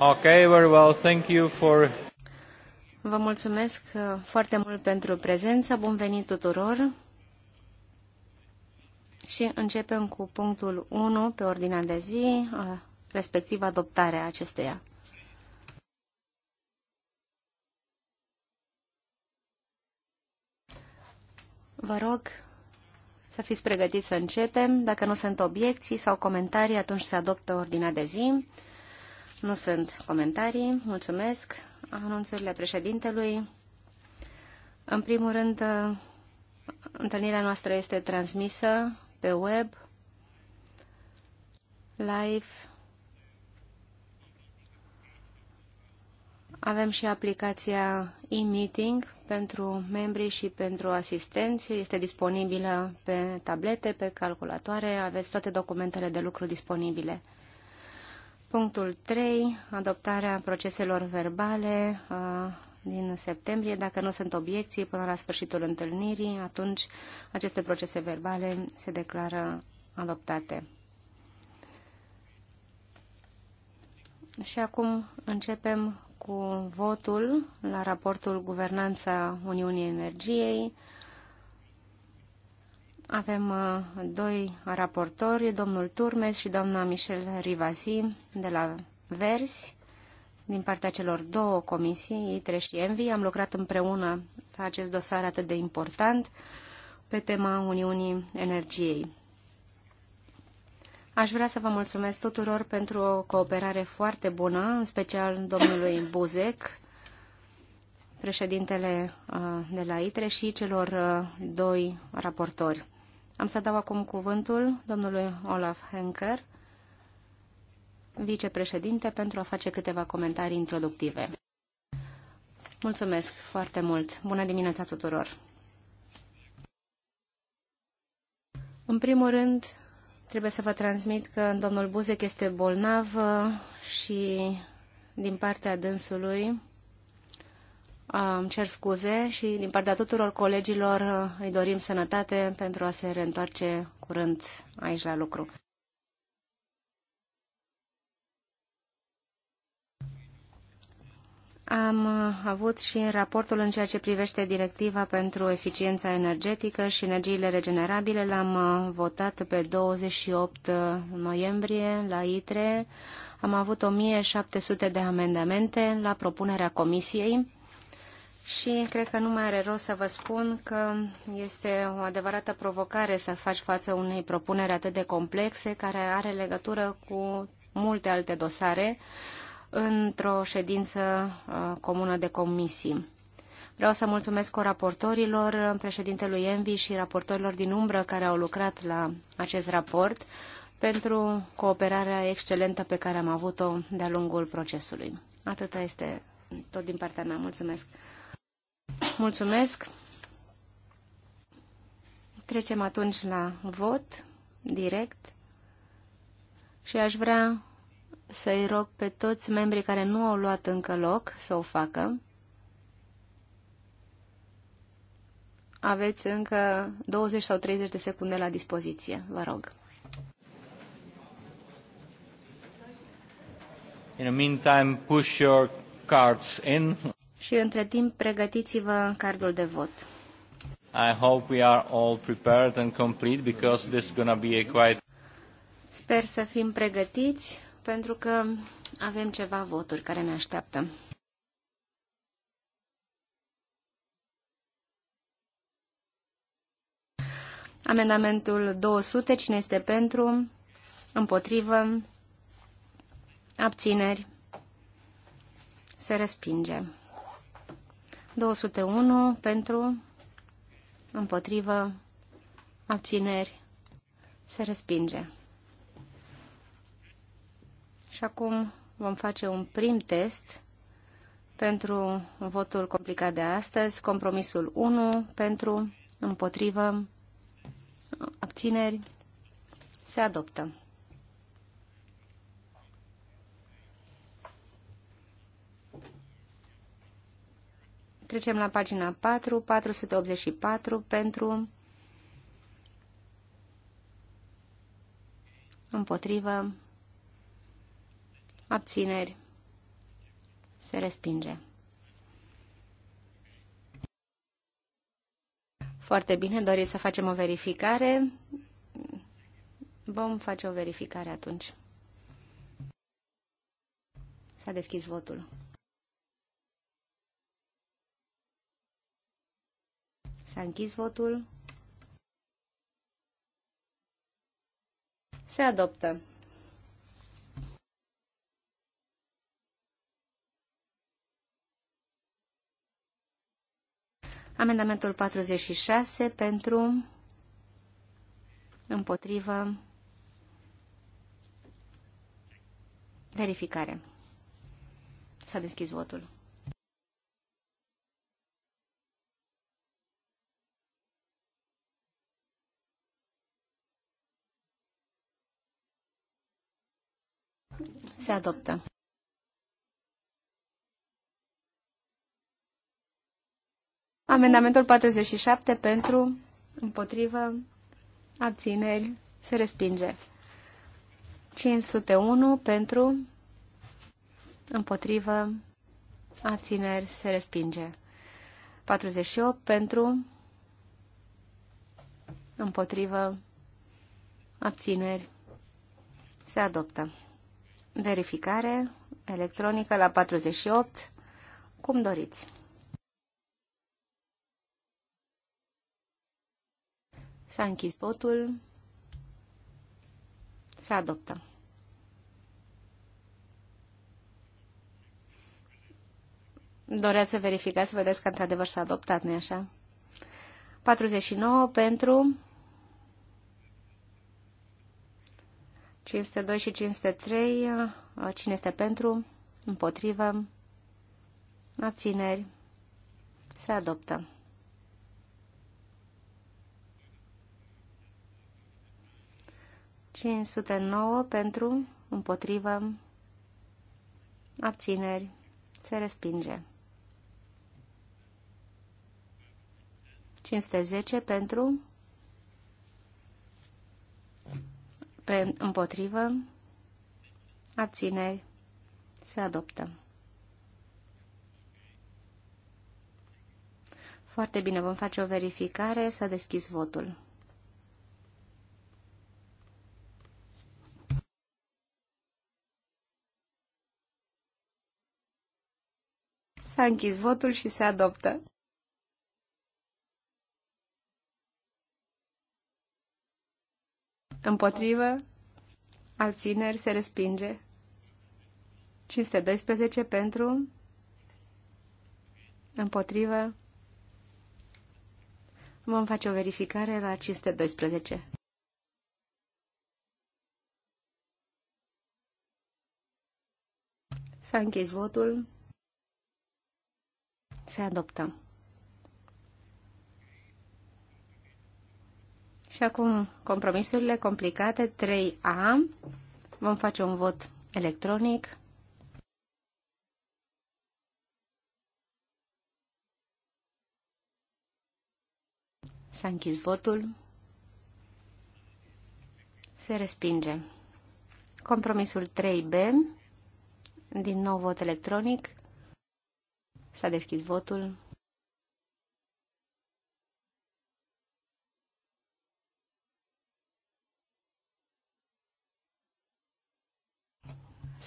Okay, very well. Thank you for... Vă mulțumesc uh, foarte mult pentru prezență. Bun venit tuturor. Și începem cu punctul 1 pe ordinea de zi, uh, respectiv adoptarea acesteia. Vă rog să fiți pregătiți să începem. Dacă nu sunt obiecții sau comentarii, atunci se adoptă ordinea de zi. Nu sunt comentarii. Mulțumesc. Anunțurile președintelui. În primul rând, întâlnirea noastră este transmisă pe web, live. Avem și aplicația e-meeting pentru membri și pentru asistenți. Este disponibilă pe tablete, pe calculatoare. Aveți toate documentele de lucru disponibile. Punctul 3. Adoptarea proceselor verbale uh, din septembrie. Dacă nu sunt obiecții până la sfârșitul întâlnirii, atunci aceste procese verbale se declară adoptate. Și acum începem cu votul la raportul Guvernanța Uniunii Energiei. Avem uh, doi raportori, domnul Turmes și doamna Michel Rivasi de la Versi, din partea celor două comisii, ITRE și ENVI. Am lucrat împreună la acest dosar atât de important pe tema Uniunii Energiei. Aș vrea să vă mulțumesc tuturor pentru o cooperare foarte bună, în special domnului Buzec, președintele uh, de la ITRE și celor uh, doi raportori. Am să dau acum cuvântul domnului Olaf Henker, vicepreședinte, pentru a face câteva comentarii introductive. Mulțumesc foarte mult! Bună dimineața tuturor! În primul rând, trebuie să vă transmit că domnul Buzek este bolnav și din partea dânsului Ah, îmi cer scuze și din partea tuturor colegilor ah, îi dorim sănătate pentru a se reîntoarce curând aici la lucru. Am ah, avut și raportul în ceea ce privește directiva pentru eficiența energetică și energiile regenerabile. L-am votat pe 28 noiembrie la ITRE. Am avut 1700 de amendamente la propunerea comisiei și cred că nu mai are rost să vă spun că este o adevărată provocare să faci față unei propuneri atât de complexe care are legătură cu multe alte dosare într-o ședință uh, comună de comisii. Vreau să mulțumesc coraportorilor, președintelui Envi și raportorilor din umbră care au lucrat la acest raport pentru cooperarea excelentă pe care am avut-o de-a lungul procesului. Atâta este tot din partea mea. Mulțumesc! Mulțumesc. Trecem atunci la vot direct și aș vrea să-i rog pe toți membrii care nu au luat încă loc să o facă. Aveți încă 20 sau 30 de secunde la dispoziție, vă rog. In the meantime, push your cards in și între timp pregătiți-vă cardul de vot. I hope we are all prepared and complete because this is to be a quite Sper să fim pregătiți pentru că avem ceva voturi care ne așteaptă. Amendamentul 200, cine este pentru, împotrivă, abțineri, se respinge. 201 pentru, împotrivă, abțineri, se respinge. Și acum vom face un prim test pentru votul complicat de astăzi, compromisul 1 pentru, împotrivă, abțineri, se adoptă. Trecem la pagina 4, 484 pentru împotrivă, abțineri, se respinge. Foarte bine, doriți să facem o verificare? Vom face o verificare atunci. S-a deschis votul. S-a închis votul. Se adoptă. Amendamentul 46 pentru, împotrivă, verificare. S-a deschis votul. Se adoptă. Amendamentul 47 pentru, împotrivă, abțineri, se respinge. 501 pentru, împotrivă, abțineri, se respinge. 48 pentru, împotrivă, abțineri, se adoptă verificare electronică la 48, cum doriți. S-a închis votul. Se adoptă. Doreați să verificați, vedeți că într-adevăr s-a adoptat, nu-i așa? 49 pentru, 502 și 503. Uh, cine este pentru? Împotrivă? Abțineri? Se adoptă. nouă pentru, împotrivă, abțineri, se respinge. zece pentru, Pe, împotrivă, abțineri, se adoptă. Foarte bine, vom face o verificare, s-a deschis votul. S-a închis votul și se adoptă. Împotrivă. țineri se respinge. 512 pentru. Împotrivă. Vom face o verificare la 512. S-a închis votul. Se adoptă. Și acum compromisurile complicate 3A. Vom face un vot electronic. S-a închis votul. Se respinge. Compromisul 3B. Din nou vot electronic. S-a deschis votul.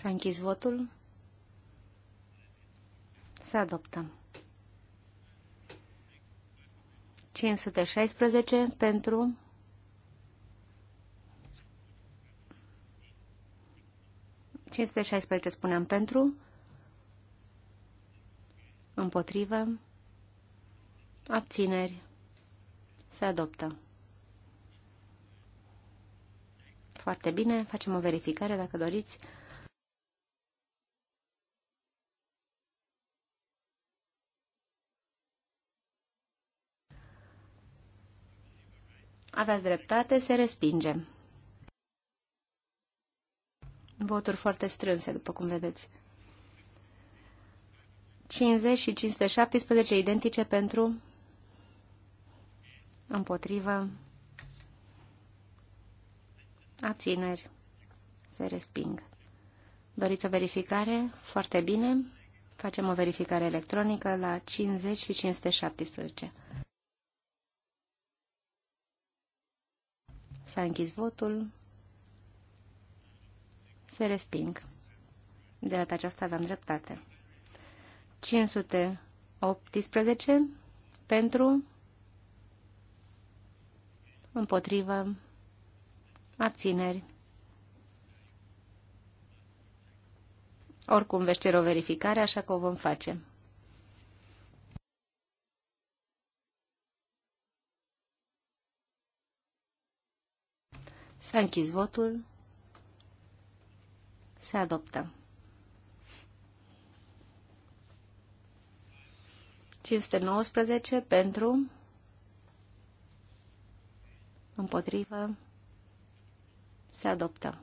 S-a închis votul. Se adoptă. 516 pentru 516 spuneam pentru, împotrivă, abțineri, se adoptă. Foarte bine, facem o verificare dacă doriți. Aveți dreptate, se respinge. Voturi foarte strânse, după cum vedeți. 50 și 517 identice pentru împotrivă abțineri se resping. Doriți o verificare? Foarte bine. Facem o verificare electronică la 50 și 517. S-a închis votul. Se resping. De data aceasta aveam dreptate. 518 pentru, împotrivă, abțineri. Oricum veți cere o verificare, așa că o vom face. S-a închis votul. Se adoptă. 519 pentru, împotrivă, se adoptă.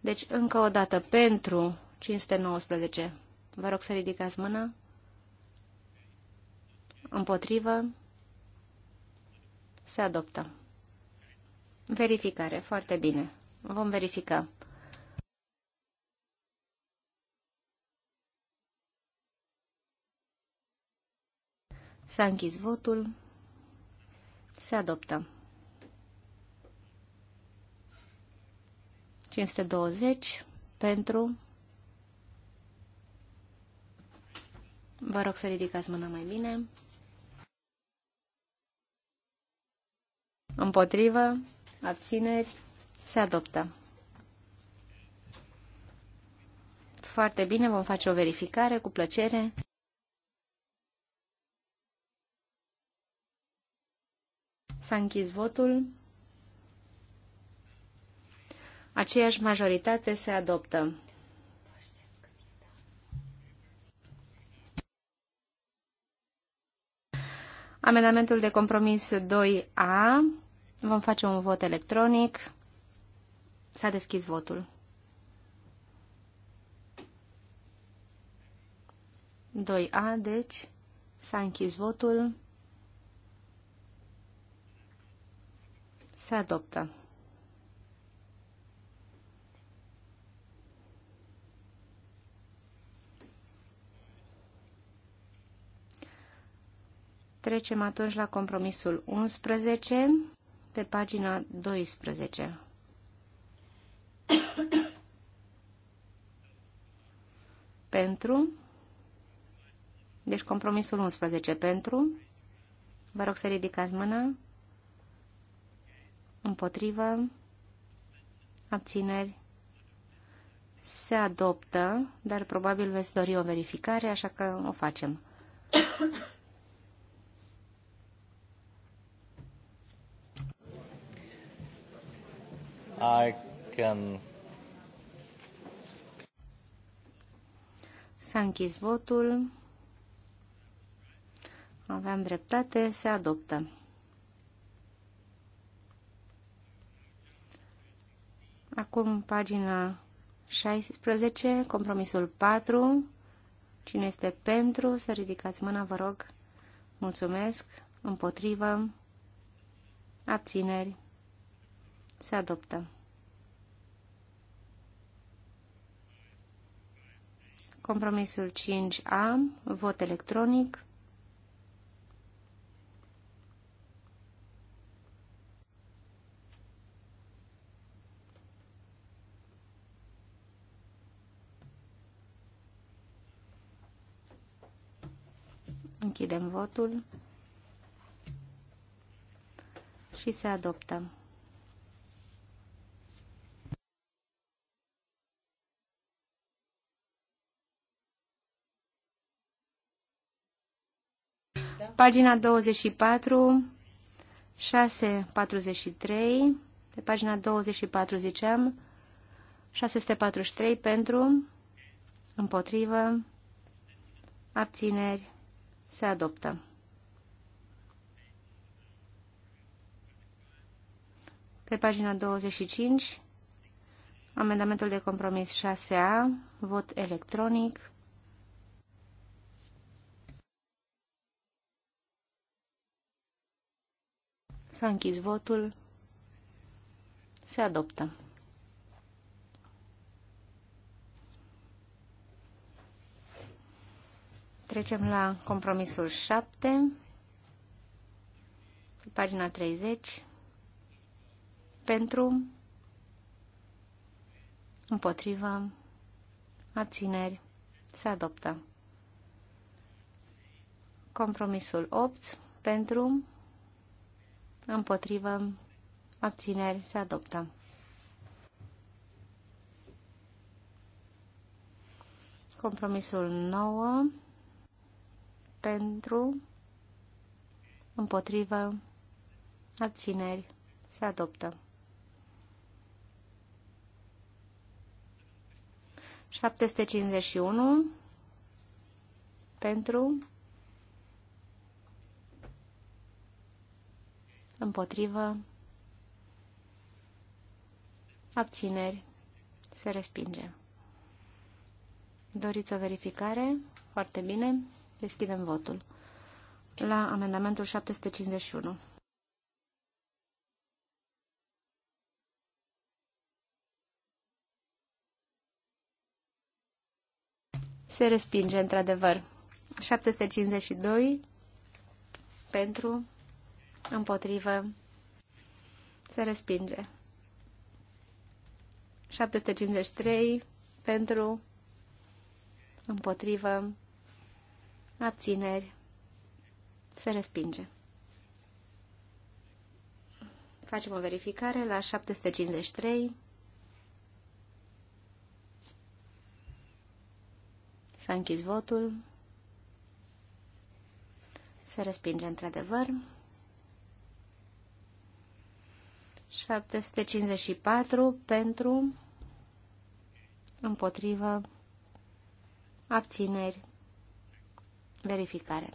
Deci, încă o dată, pentru 519. Vă rog să ridicați mâna. Împotrivă. Se adoptă. Verificare. Foarte bine. Vom verifica. S-a închis votul. Se adoptă. 520 pentru. Vă rog să ridicați mâna mai bine. Împotrivă. Abțineri. Se adoptă. Foarte bine, vom face o verificare cu plăcere. S-a închis votul. Aceeași majoritate se adoptă. Amendamentul de compromis 2A. Vom face un vot electronic. S-a deschis votul. 2 A, deci s-a închis votul. Se adoptă. Trecem atunci la compromisul 11 pe pagina 12. pentru. Deci compromisul 11 pentru. Vă rog să ridicați mâna. Împotrivă. Abțineri. Se adoptă, dar probabil veți dori o verificare, așa că o facem. I can... S-a închis votul. Aveam dreptate, se adoptă. Acum pagina 16, compromisul 4. Cine este pentru, să ridicați mâna, vă rog. Mulțumesc. Împotrivă. Abțineri. Se adoptă. Compromisul 5A, vot electronic. Închidem votul și se adoptă. Pagina 24, 6, 43. pe pagina 24 ziceam, 643 pentru, împotrivă, abțineri, se adoptă. Pe pagina 25, amendamentul de compromis 6A, vot electronic. S-a închis votul. Se adoptă. Trecem la compromisul 7, pagina 30, pentru, împotriva, abțineri, se adoptă. Compromisul 8, pentru, împotrivă, abțineri, se adoptă. Compromisul 9, pentru, împotrivă, abțineri, se adoptă. 751 pentru împotrivă, abțineri, se respinge. Doriți o verificare? Foarte bine. Deschidem votul. La amendamentul 751. Se respinge, într-adevăr. 752 pentru, împotrivă, se respinge. 753 pentru, împotrivă, abțineri, se respinge. Facem o verificare la 753. S-a închis votul. Se respinge într-adevăr. 754 pentru, împotrivă, abțineri, verificare.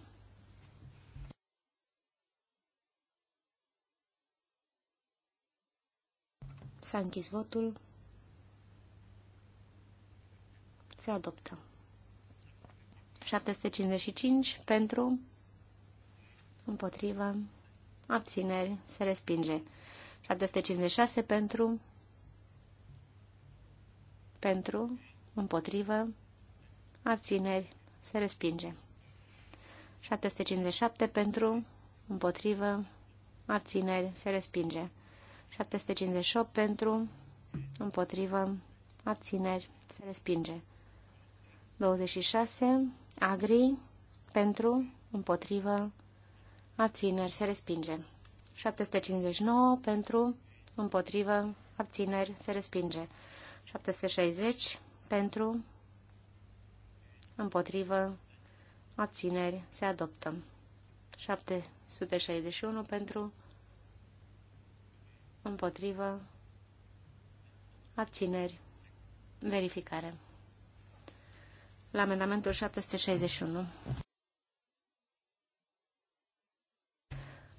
S-a închis votul. Se adoptă. 755 pentru, împotrivă, abțineri, se respinge. 756 pentru, pentru, împotrivă, abțineri, se respinge. 757 pentru, împotrivă, abțineri, se respinge. 758 pentru, împotrivă, abțineri, se respinge. 26, agri, pentru, împotrivă, abțineri, se respinge. 759 pentru, împotrivă, abțineri, se respinge. 760 pentru, împotrivă, abțineri, se adoptă. 761 pentru, împotrivă, abțineri, verificare. La amendamentul 761.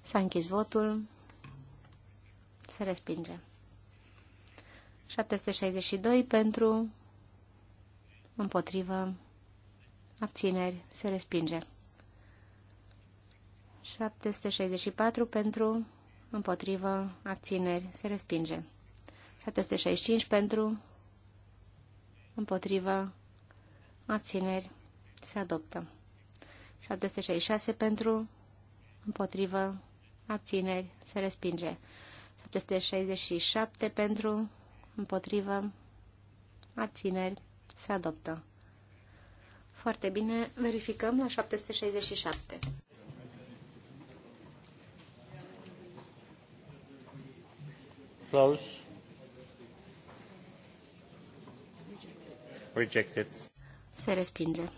S-a închis votul. Se respinge. 762 pentru, împotrivă, abțineri, se respinge. 764 pentru, împotrivă, abțineri, se respinge. 765 pentru, împotrivă, abțineri, se adoptă. 766 pentru, împotrivă, abțineri, se respinge. 767 pentru, împotrivă, abțineri, se adoptă. Foarte bine, verificăm la 767. Close. Rejected. Se respinge.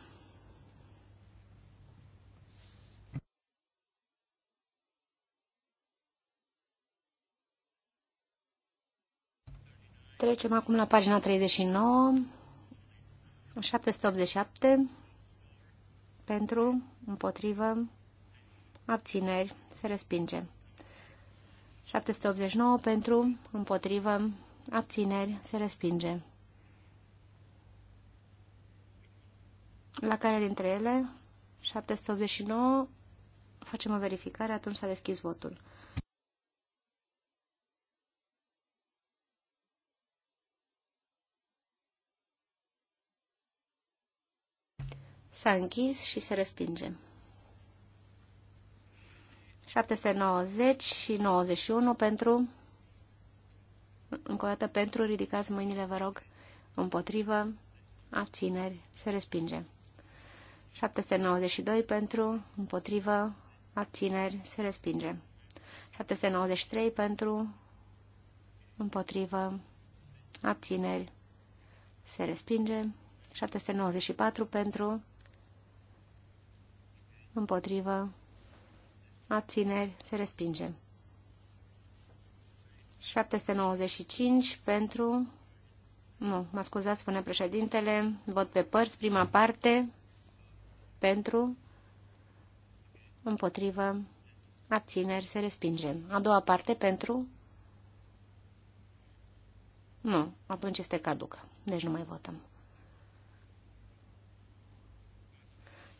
Trecem acum la pagina 39, 787, pentru, împotrivă, abțineri, se respinge. 789 pentru, împotrivă, abțineri, se respinge. La care dintre ele, 789, facem o verificare, atunci s-a deschis votul. S-a închis și se respinge. 790 și 91 pentru, încă o dată pentru, ridicați mâinile, vă rog, împotrivă, abțineri, se respinge. 792 pentru, împotrivă, abțineri, se respinge. 793 pentru, împotrivă, abțineri, se respinge. 794 pentru, împotrivă, abțineri, se respinge. 795 pentru... Nu, mă scuzați, spune președintele, vot pe părți, prima parte, pentru, împotrivă, abțineri, se respinge. A doua parte, pentru... Nu, atunci este caducă, deci nu mai votăm.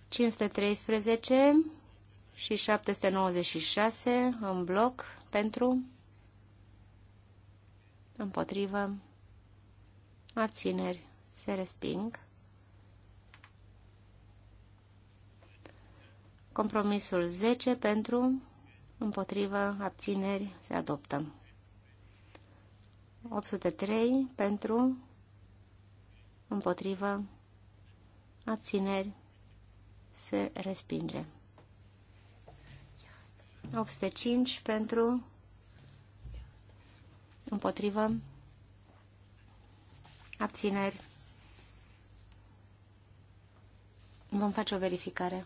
513 și 796 în bloc pentru, împotrivă, abțineri, se resping. Compromisul 10 pentru, împotrivă, abțineri, se adoptă. 803 pentru, împotrivă, abțineri, se respinge. 805 pentru împotrivă abțineri. Vom face o verificare.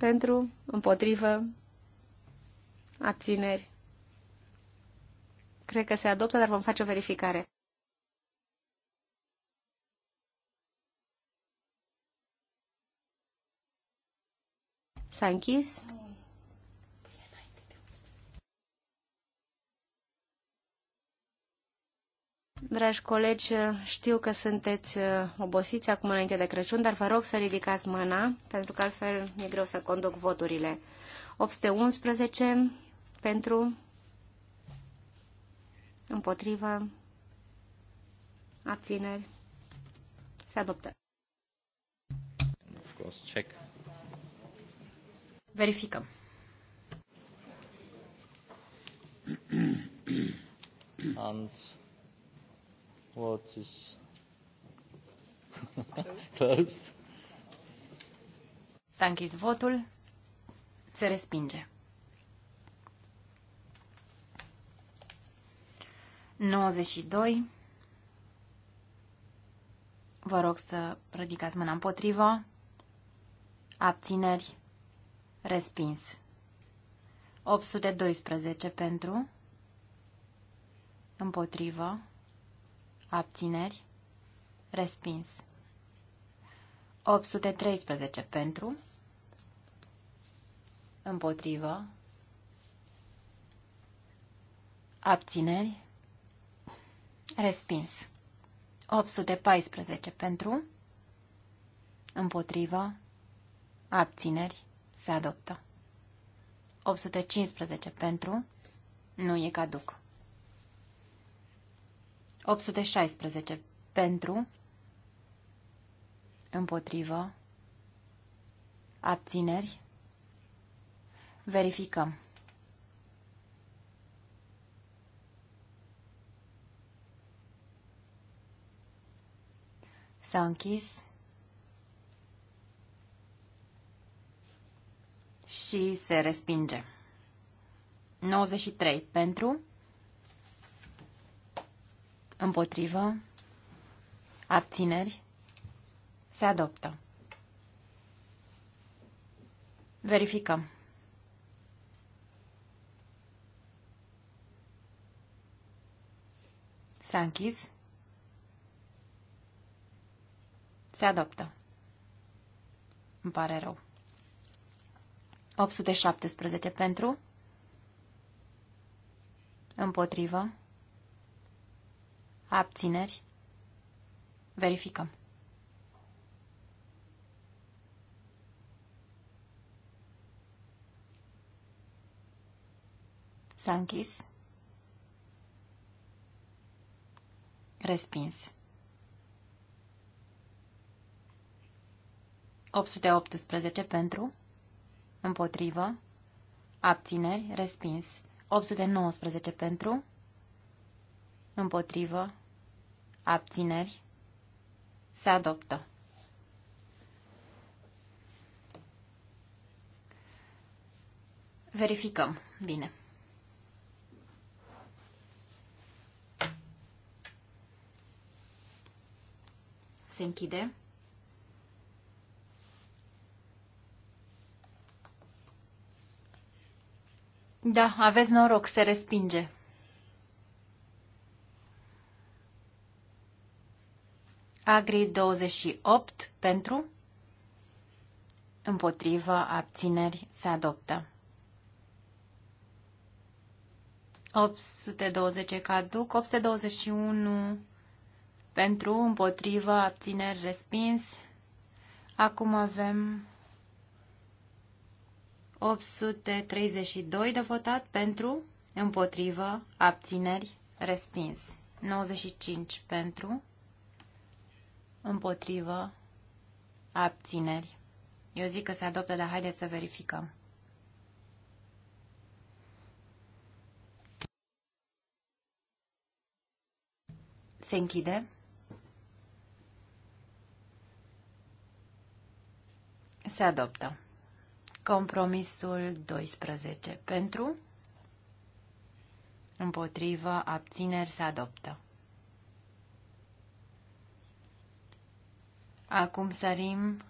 pentru, împotrivă, abțineri. Cred că se adoptă, dar vom face o verificare. S-a închis. Dragi colegi, știu că sunteți uh, obosiți acum înainte de Crăciun, dar vă rog să ridicați mâna, pentru că altfel e greu să conduc voturile. 811 pentru, împotrivă, abțineri, se adoptă. Of course, check. Verificăm. And What is closed? S-a închis votul. Se respinge. 92. Vă rog să ridicați mâna împotriva. Abțineri. Respins. 812 pentru. Împotrivă abțineri, respins. 813 pentru, împotrivă, abțineri, respins. 814 pentru, împotrivă, abțineri, se adoptă. 815 pentru, nu e caduc. 816. Pentru, împotrivă, abțineri, verificăm. S-a închis și se respinge. 93. Pentru, Împotrivă. Abțineri. Se adoptă. Verificăm. S-a închis. Se adoptă. Îmi pare rău. 817 pentru. Împotrivă. Abțineri. Verificăm. S-a închis. Respins. 818 pentru, împotrivă, abțineri, respins. 819 pentru, împotrivă, abțineri, se adoptă. Verificăm. Bine. Se închide. Da, aveți noroc, se respinge. Agri 28 pentru, împotrivă, abțineri, se adoptă. 820 caduc, 821 pentru, împotrivă, abțineri, respins. Acum avem 832 de votat pentru, împotrivă, abțineri, respins. 95 pentru, împotrivă, abțineri. Eu zic că se adoptă, dar haideți să verificăm. Se închide. Se adoptă. Compromisul 12. Pentru? Împotrivă, abțineri, se adoptă. Acum sărim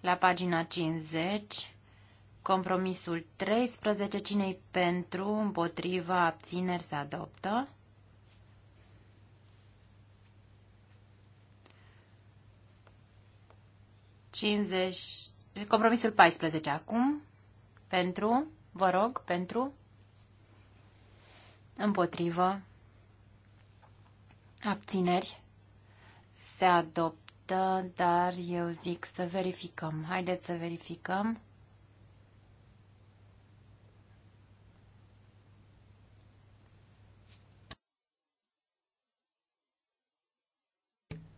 la pagina 50, compromisul 13, cinei pentru, împotriva, abțineri se adoptă. compromisul 14 acum, pentru, vă rog, pentru, împotrivă, abțineri, se adoptă adoptă, dar eu zic să verificăm. Haideți să verificăm.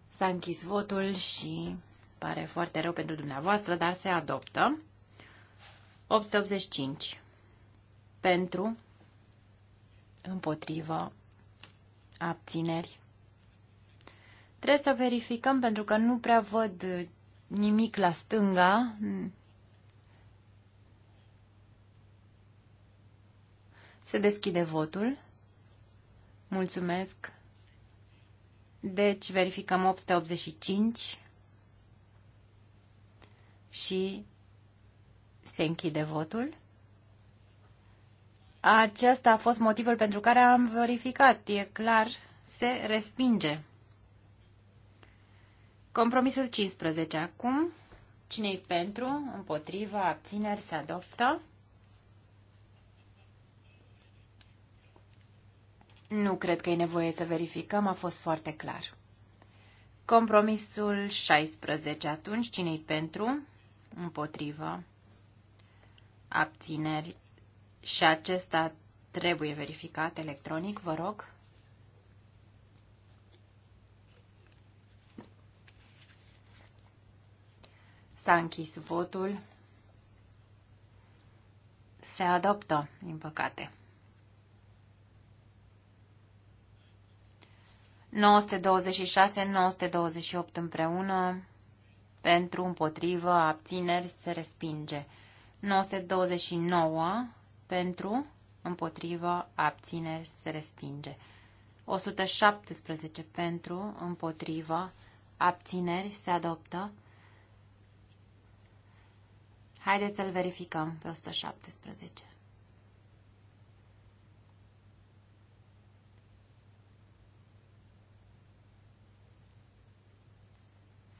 S-a închis votul și pare foarte rău pentru dumneavoastră, dar se adoptă. 885 pentru, împotrivă, abțineri Trebuie să verificăm pentru că nu prea văd uh, nimic la stânga. Hmm. Se deschide votul. Mulțumesc. Deci verificăm 885 și se închide votul. Acesta a fost motivul pentru care am verificat. E clar, se respinge. Compromisul 15 acum. Cine-i pentru? Împotriva? Abțineri? Se adoptă? Nu cred că e nevoie să verificăm, a fost foarte clar. Compromisul 16 atunci. Cine-i pentru? Împotriva? Abțineri? Și acesta trebuie verificat electronic, vă rog. S-a închis votul. Se adoptă, din păcate. 926-928 împreună, pentru, împotrivă, abțineri, se respinge. 929 pentru, împotrivă, abțineri, se respinge. 117 pentru, împotrivă, abțineri, se adoptă. Haideți să-l verificăm pe 117.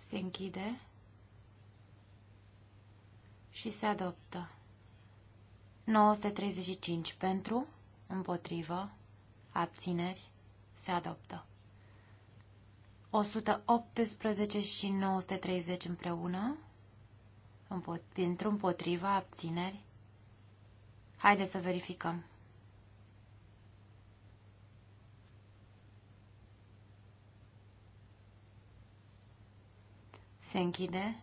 Se închide și se adoptă. 935 pentru, împotrivă, abțineri, se adoptă. 118 și 930 împreună, pentru împotriva abțineri. Haideți să verificăm. Se închide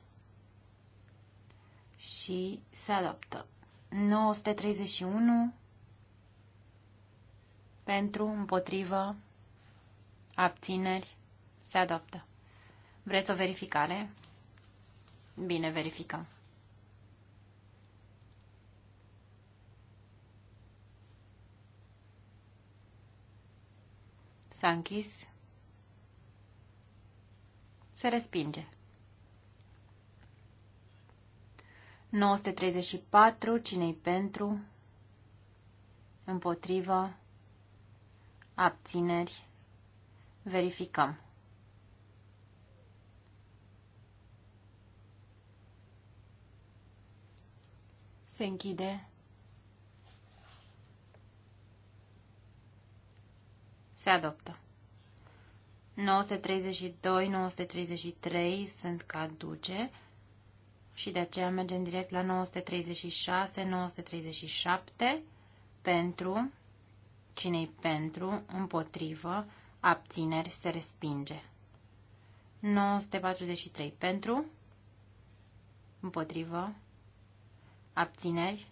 și se adoptă. 931 pentru, împotrivă, abțineri, se adoptă. Vreți o verificare? Bine, verificăm. S-a închis. Se respinge. 934. Cine-i pentru? Împotrivă. Abțineri. Verificăm. Se închide. Se adoptă. 932, 933 sunt caduce și de aceea mergem direct la 936, 937 pentru, cinei pentru, împotrivă, abțineri se respinge. 943 pentru, împotrivă, abțineri,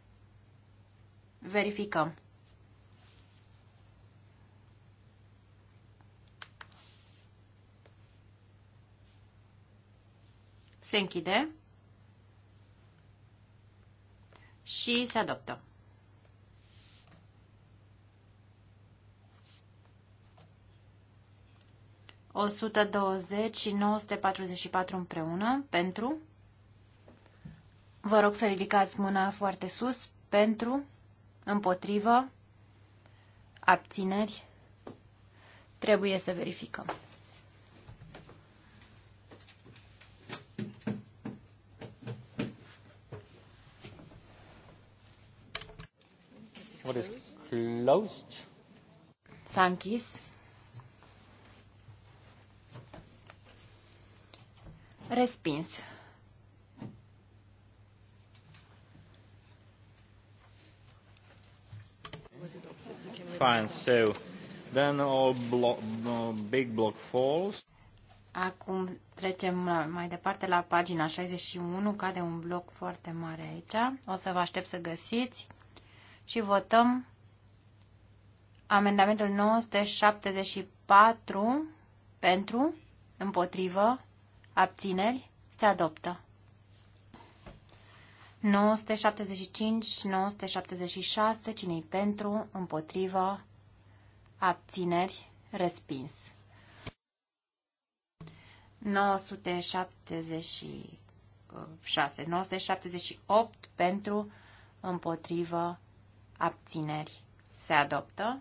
verificăm. se închide și se adoptă. O sută douăzeci și patru împreună pentru. Vă rog să ridicați mâna foarte sus pentru, împotrivă, abțineri. Trebuie să verificăm. What is closed? S-a închis. Respins. Fine, so then all block, big block falls. Acum trecem mai departe la pagina 61, cade un bloc foarte mare aici. O să vă aștept să găsiți și votăm amendamentul 974 pentru, împotrivă, abțineri, se adoptă. 975, 976, cine pentru, împotrivă, abțineri, respins. 976, 978 pentru, împotrivă, abțineri, se adoptă.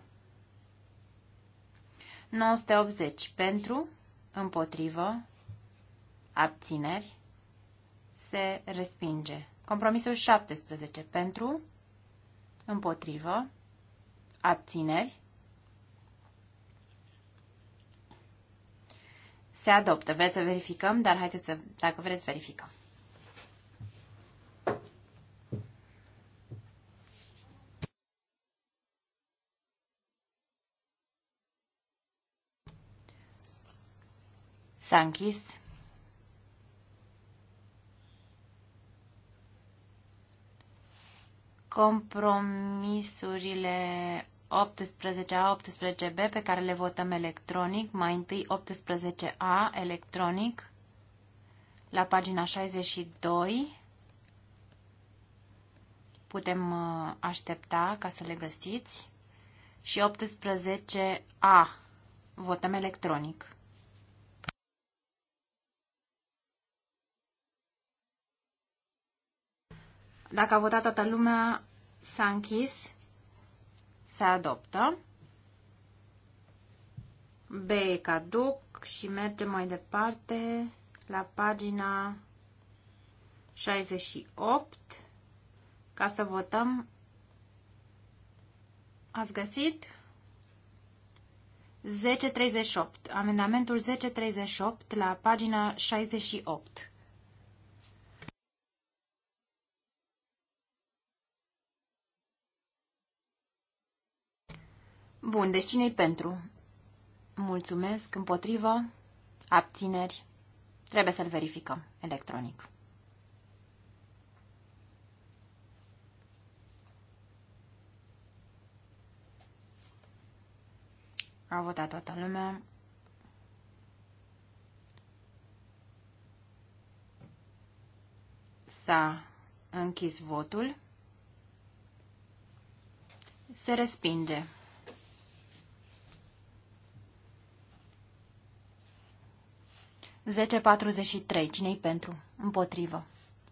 980 pentru, împotrivă, abțineri, se respinge. Compromisul 17 pentru, împotrivă, abțineri, se adoptă. Vreți să verificăm, dar haideți să, dacă vreți, verificăm. S-a închis. Compromisurile 18A, 18B pe care le votăm electronic. Mai întâi 18A electronic la pagina 62. Putem uh, aștepta ca să le găsiți. Și 18A. Votăm electronic. Dacă a votat toată lumea, s-a închis, se adoptă. B e caduc și mergem mai departe la pagina 68 ca să votăm. Ați găsit? 1038. Amendamentul 1038 la pagina 68. Bun, deci cine pentru? Mulțumesc, împotrivă, abțineri. Trebuie să-l verificăm electronic. A votat toată lumea. S-a închis votul. Se respinge. 1043. Cine-i pentru? Împotrivă.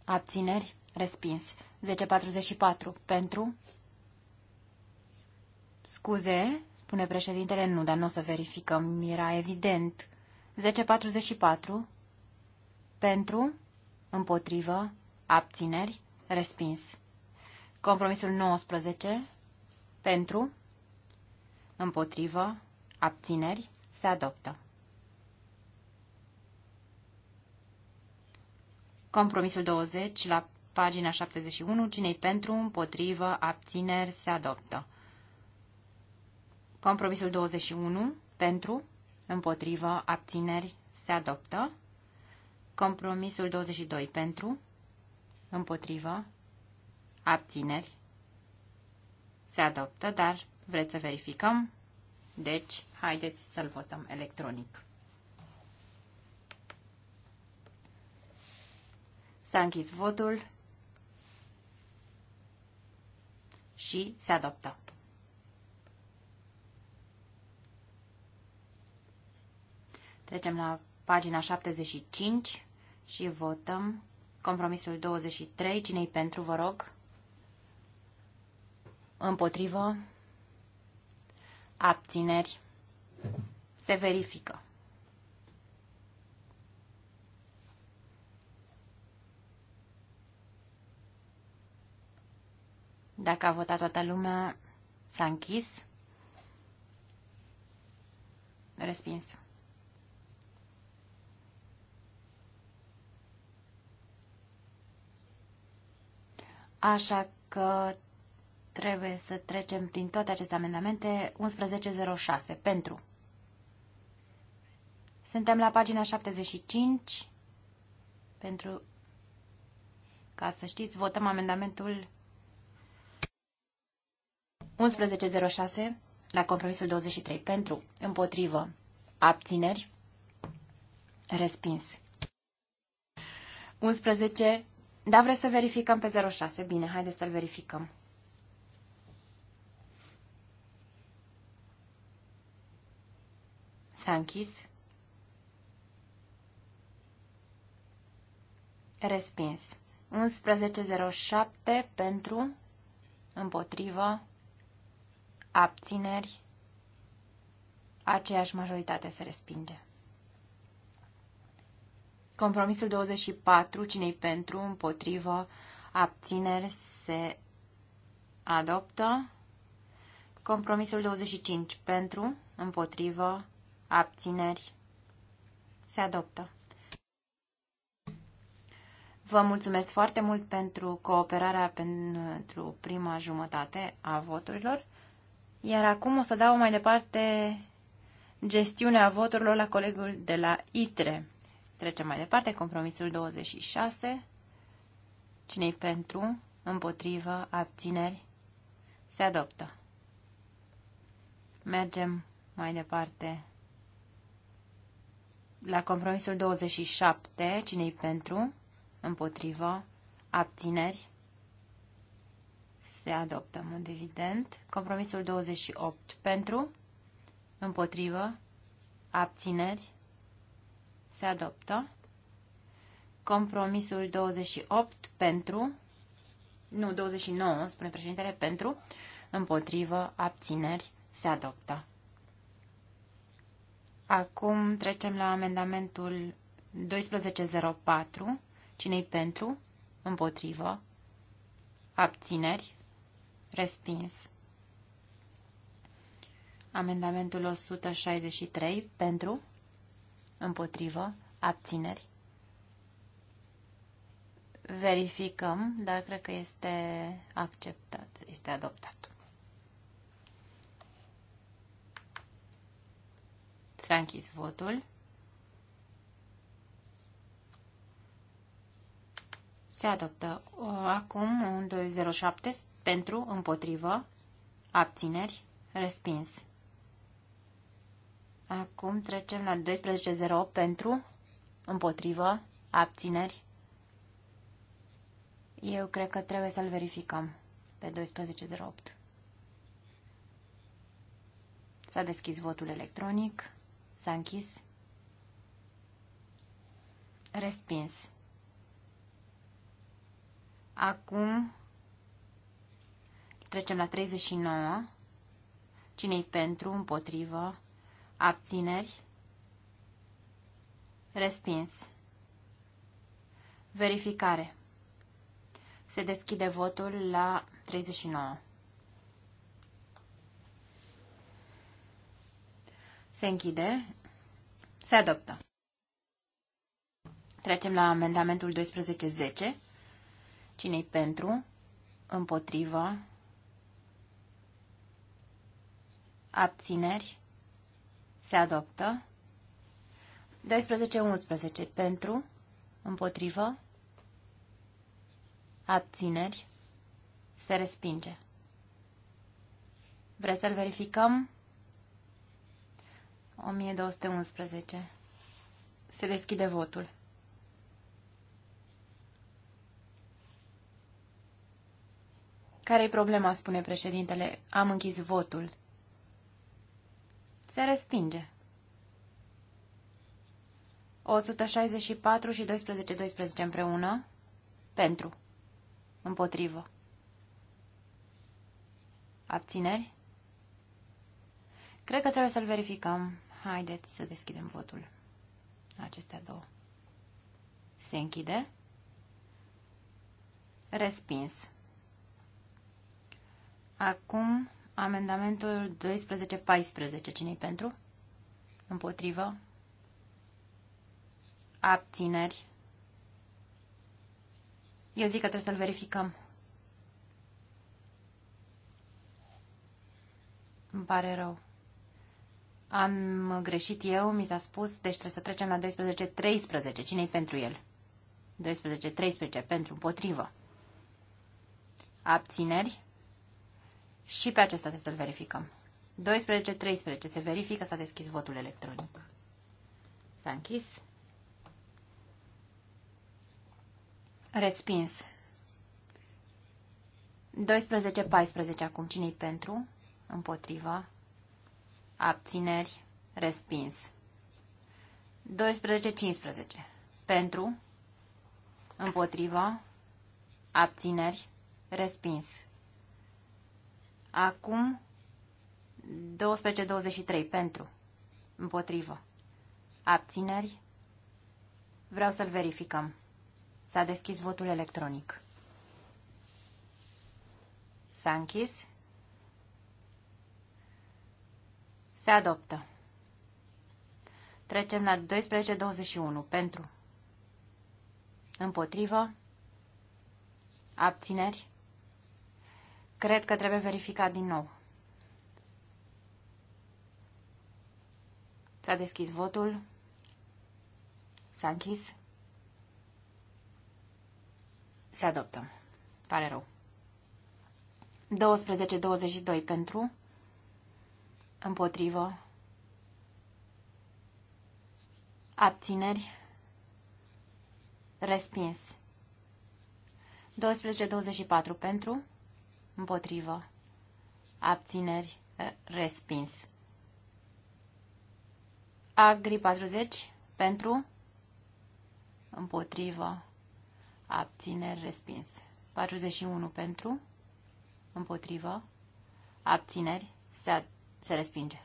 Abțineri? Respins. 1044. Pentru? Scuze, spune președintele, nu, dar nu o să verificăm, era evident. 1044. Pentru? Împotrivă? Abțineri? Respins. Compromisul 19. Pentru? Împotrivă? Abțineri? Se adoptă. Compromisul 20 la pagina 71. Cine-i pentru, împotrivă, abțineri, se adoptă. Compromisul 21. Pentru, împotrivă, abțineri, se adoptă. Compromisul 22. Pentru, împotrivă, abțineri, se adoptă, dar vreți să verificăm? Deci, haideți să-l votăm electronic. S-a închis votul și se adoptă. Trecem la pagina 75 și votăm compromisul 23. Cine-i pentru, vă rog? Împotrivă? Abțineri? Se verifică. Dacă a votat toată lumea, s-a închis. Respins. Așa că trebuie să trecem prin toate aceste amendamente 1106 pentru. Suntem la pagina 75 pentru ca să știți, votăm amendamentul 1106 la compromisul 23 pentru, împotrivă, abțineri, respins. 11. Da, vreți să verificăm pe 06. Bine, haideți să-l verificăm. S-a închis. Respins. 11.07 pentru, împotrivă, abțineri, aceeași majoritate se respinge. Compromisul 24, cinei pentru, împotrivă, abțineri, se adoptă. Compromisul 25, pentru, împotrivă, abțineri, se adoptă. Vă mulțumesc foarte mult pentru cooperarea pentru prima jumătate a voturilor. Iar acum o să dau mai departe gestiunea voturilor la colegul de la ITRE. Trecem mai departe, compromisul 26. Cine-i pentru, împotrivă, abțineri, se adoptă. Mergem mai departe la compromisul 27. Cine-i pentru, împotrivă, abțineri, se adoptă, în evident. Compromisul 28 pentru, împotrivă, abțineri, se adoptă. Compromisul 28 pentru, nu, 29, spune președintele, pentru, împotrivă, abțineri, se adoptă. Acum trecem la amendamentul 1204. Cine-i pentru? Împotrivă? Abțineri? Respins. Amendamentul 163 pentru, împotrivă, abțineri. Verificăm, dar cred că este acceptat, este adoptat. S-a închis votul. Se adoptă uh, acum un 207 pentru, împotrivă, abțineri, respins. Acum trecem la 12.08 pentru, împotrivă, abțineri. Eu cred că trebuie să-l verificăm pe 12.08. S-a deschis votul electronic, s-a închis, respins. Acum Trecem la 39. Cine-i pentru, împotrivă, abțineri, respins. Verificare. Se deschide votul la 39. Se închide. Se adoptă. Trecem la amendamentul 1210. Cine-i pentru? împotrivă, abțineri, se adoptă. 12-11 pentru, împotrivă, abțineri, se respinge. Vreți să-l verificăm? 1211. Se deschide votul. Care-i problema, spune președintele. Am închis votul. Se respinge. 164 și 12, 12 împreună. Pentru. Împotrivă. Abțineri? Cred că trebuie să-l verificăm. Haideți să deschidem votul. Acestea două. Se închide. Respins. Acum Amendamentul 12-14. Cine-i pentru? Împotrivă? Abțineri? Eu zic că trebuie să-l verificăm. Îmi pare rău. Am greșit eu, mi s-a spus, deci trebuie să trecem la 12-13. Cine-i pentru el? 12-13, pentru, împotrivă. Abțineri? Și pe acesta trebuie să-l verificăm. 12-13. Se verifică, s-a deschis votul electronic. S-a închis. Respins. 12-14 acum. Cine-i pentru? Împotriva. Abțineri. Respins. 12-15. Pentru. Împotriva. Abțineri. Respins. Acum 12.23 pentru. Împotrivă. Abțineri. Vreau să-l verificăm. S-a deschis votul electronic. S-a închis. Se adoptă. Trecem la 12.21 Pentru. Împotrivă. Abțineri. Cred că trebuie verificat din nou. S-a deschis votul. S-a închis. Se adoptă. Pare rău. 12-22 pentru. Împotrivă. Abțineri. Respins. 12-24 pentru. Împotrivă. Abțineri. Respins. Agri 40. Pentru. Împotrivă. Abțineri. Respins. 41 pentru. Împotrivă. Abțineri. Se, se respinge.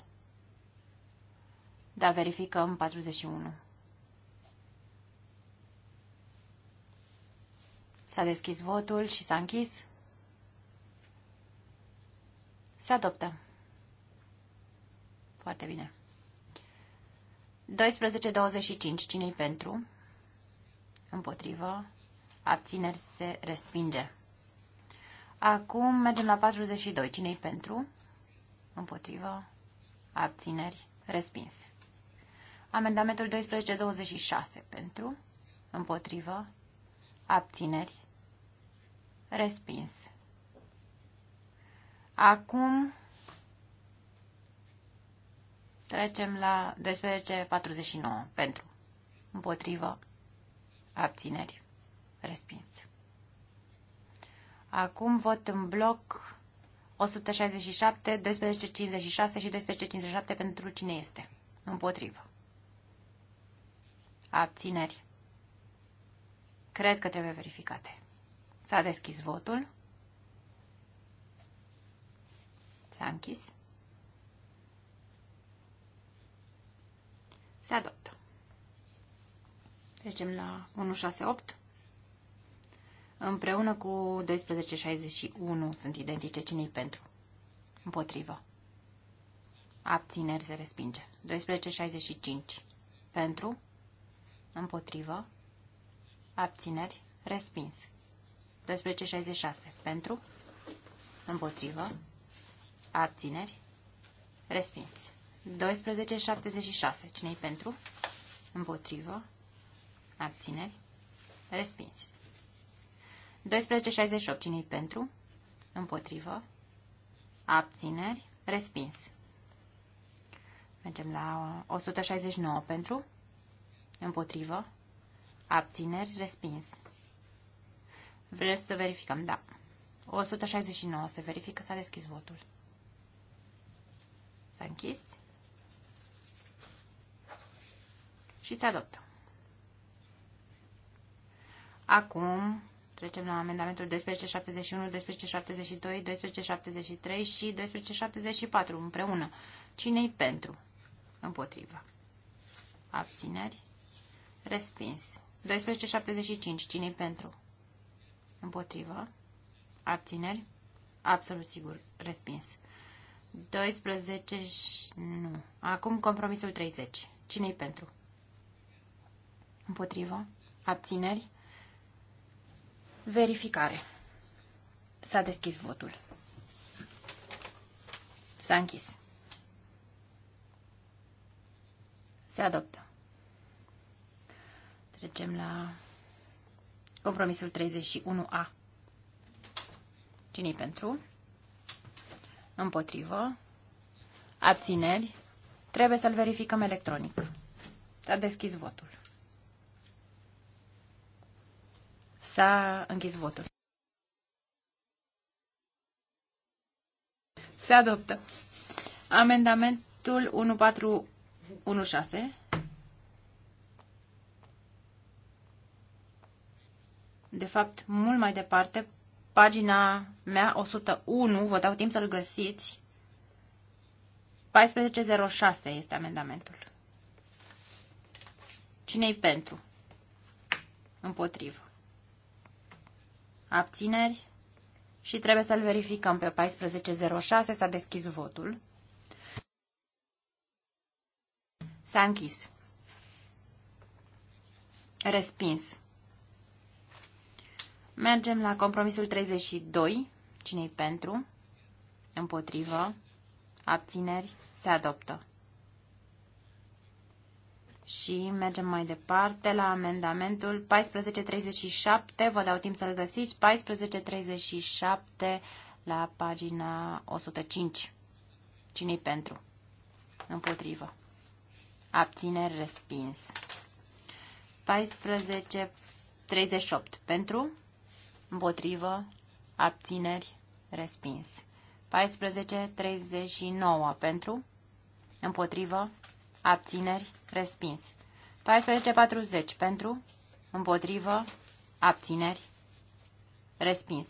Da, verificăm 41. S-a deschis votul și s-a închis. Se adoptă. Foarte bine. 12.25. Cine-i pentru? Împotrivă. Abțineri se respinge. Acum mergem la 42. Cine-i pentru? Împotrivă. Abțineri. Respins. Amendamentul 12.26. Pentru? Împotrivă. Abțineri. Respins. Acum trecem la 12.49 pentru împotrivă abțineri respins. Acum vot în bloc 167, 1256 și 1257 pentru cine este. Împotrivă. Abțineri. Cred că trebuie verificate. S-a deschis votul. S-a închis. Se adoptă. Trecem la 168. Împreună cu 1261 sunt identice cinei pentru. Împotrivă. Abțineri se respinge. 1265 pentru. Împotrivă. Abțineri. Respins. 1266 pentru. Împotrivă abțineri, respins. 1276. Cine-i pentru? Împotrivă. Abțineri. Respins. 1268. Cine-i pentru? Împotrivă. Abțineri. Respins. Mergem la 169 pentru. Împotrivă. Abțineri. Respins. Vreți să verificăm? Da. 169. Se verifică. S-a deschis votul. S-a închis. Și se adoptă. Acum trecem la amendamentul 1271, 1272, 1273 și 1274 împreună. Cine-i pentru? Împotrivă. Abțineri? Respins. 1275. Cine-i pentru? Împotrivă. Abțineri? Absolut sigur. Respins. 12 și... nu. Acum compromisul 30. Cine-i pentru? Împotrivă? Abțineri? Verificare. S-a deschis votul. S-a închis. Se adoptă. Trecem la compromisul 31A. Cine-i pentru? Împotrivă. Abțineri. Trebuie să-l verificăm electronic. S-a deschis votul. S-a închis votul. Se adoptă. Amendamentul 1416. De fapt, mult mai departe, pagina mea 101, vă dau timp să-l găsiți. 1406 este amendamentul. Cine-i pentru? Împotrivă. Abțineri? Și trebuie să-l verificăm pe 1406, s-a deschis votul. S-a închis. Respins. Mergem la compromisul 32. Cine-i pentru? Împotrivă. Abțineri. Se adoptă. Și mergem mai departe la amendamentul 1437. Vă dau timp să-l găsiți. 1437 la pagina 105. Cine-i pentru? Împotrivă. Abțineri respins. 1438 pentru, împotrivă, abțineri, respins. 14.39 pentru, împotrivă, abțineri, respins. 14.40 pentru, împotrivă, abțineri, respins.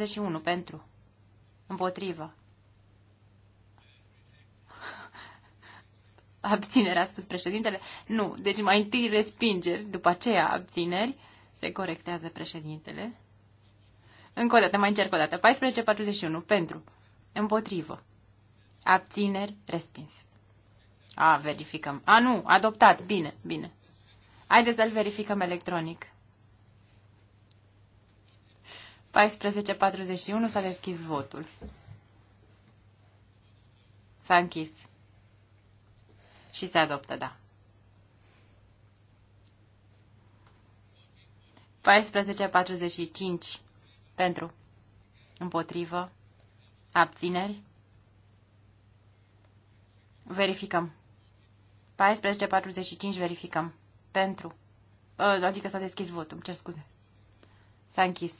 14.41 pentru, împotrivă. Abținere, a spus președintele. Nu, deci mai întâi respingeri, după aceea abțineri se corectează președintele. Încă o dată, mai încerc o dată. 1441 pentru. Împotrivă. Abțineri, respins. A, verificăm. A, nu, adoptat. Bine, bine. Haideți să-l verificăm electronic. 14.41 s-a deschis votul. S-a închis. Și se adoptă, da. 14.45 pentru, împotrivă, abțineri. Verificăm. 14.45 verificăm. Pentru. Ă, adică s-a deschis votul, Ce scuze. S-a închis.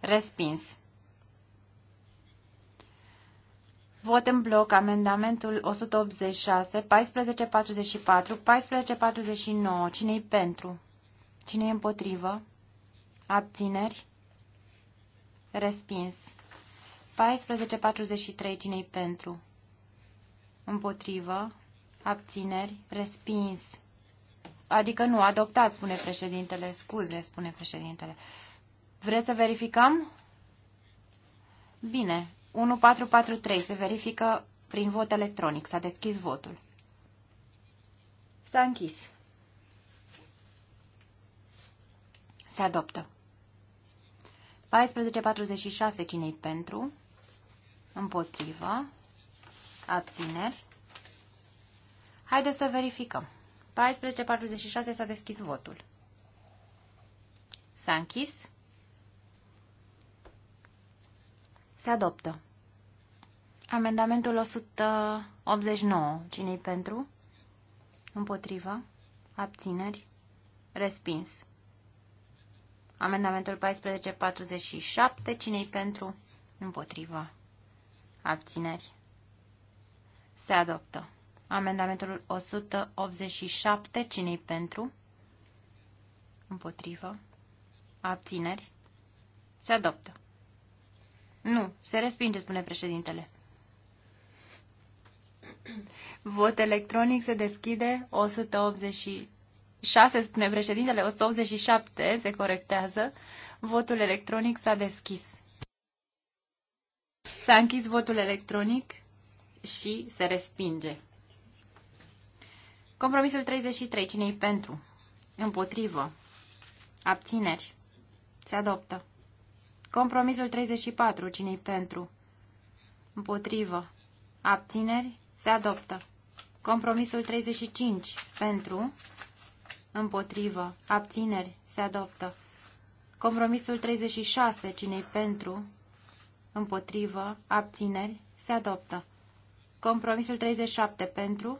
Respins. Vot în bloc amendamentul 186, 1444, 1449. Cine-i pentru? Cine-i împotrivă? Abțineri? Respins. 1443. Cine-i pentru? Împotrivă? Abțineri? Respins. Adică nu, adoptat, spune președintele. Scuze, spune președintele. Vreți să verificăm? Bine, 1443. Se verifică prin vot electronic. S-a deschis votul. S-a închis. Se adoptă. 1446. Cine-i pentru? Împotrivă. Abțineri. Haideți să verificăm. 1446 s-a deschis votul. S-a închis. Se adoptă. Amendamentul 189. Cine-i pentru? Împotrivă. Abțineri. Respins. Amendamentul 1447. Cine-i pentru? Împotrivă. Abțineri. Se adoptă. Amendamentul 187. Cine-i pentru? Împotrivă. Abțineri. Se adoptă. Nu, se respinge, spune președintele. Vot electronic se deschide 186, spune președintele, 187 se corectează. Votul electronic s-a deschis. S-a închis votul electronic și se respinge. Compromisul 33. Cine-i pentru? Împotrivă. Abțineri. Se adoptă. Compromisul 34. cine pentru? Împotrivă. Abțineri? Se adoptă. Compromisul 35. Pentru? Împotrivă. Abțineri? Se adoptă. Compromisul 36. cine pentru? Împotrivă. Abțineri? Se adoptă. Compromisul 37. Pentru?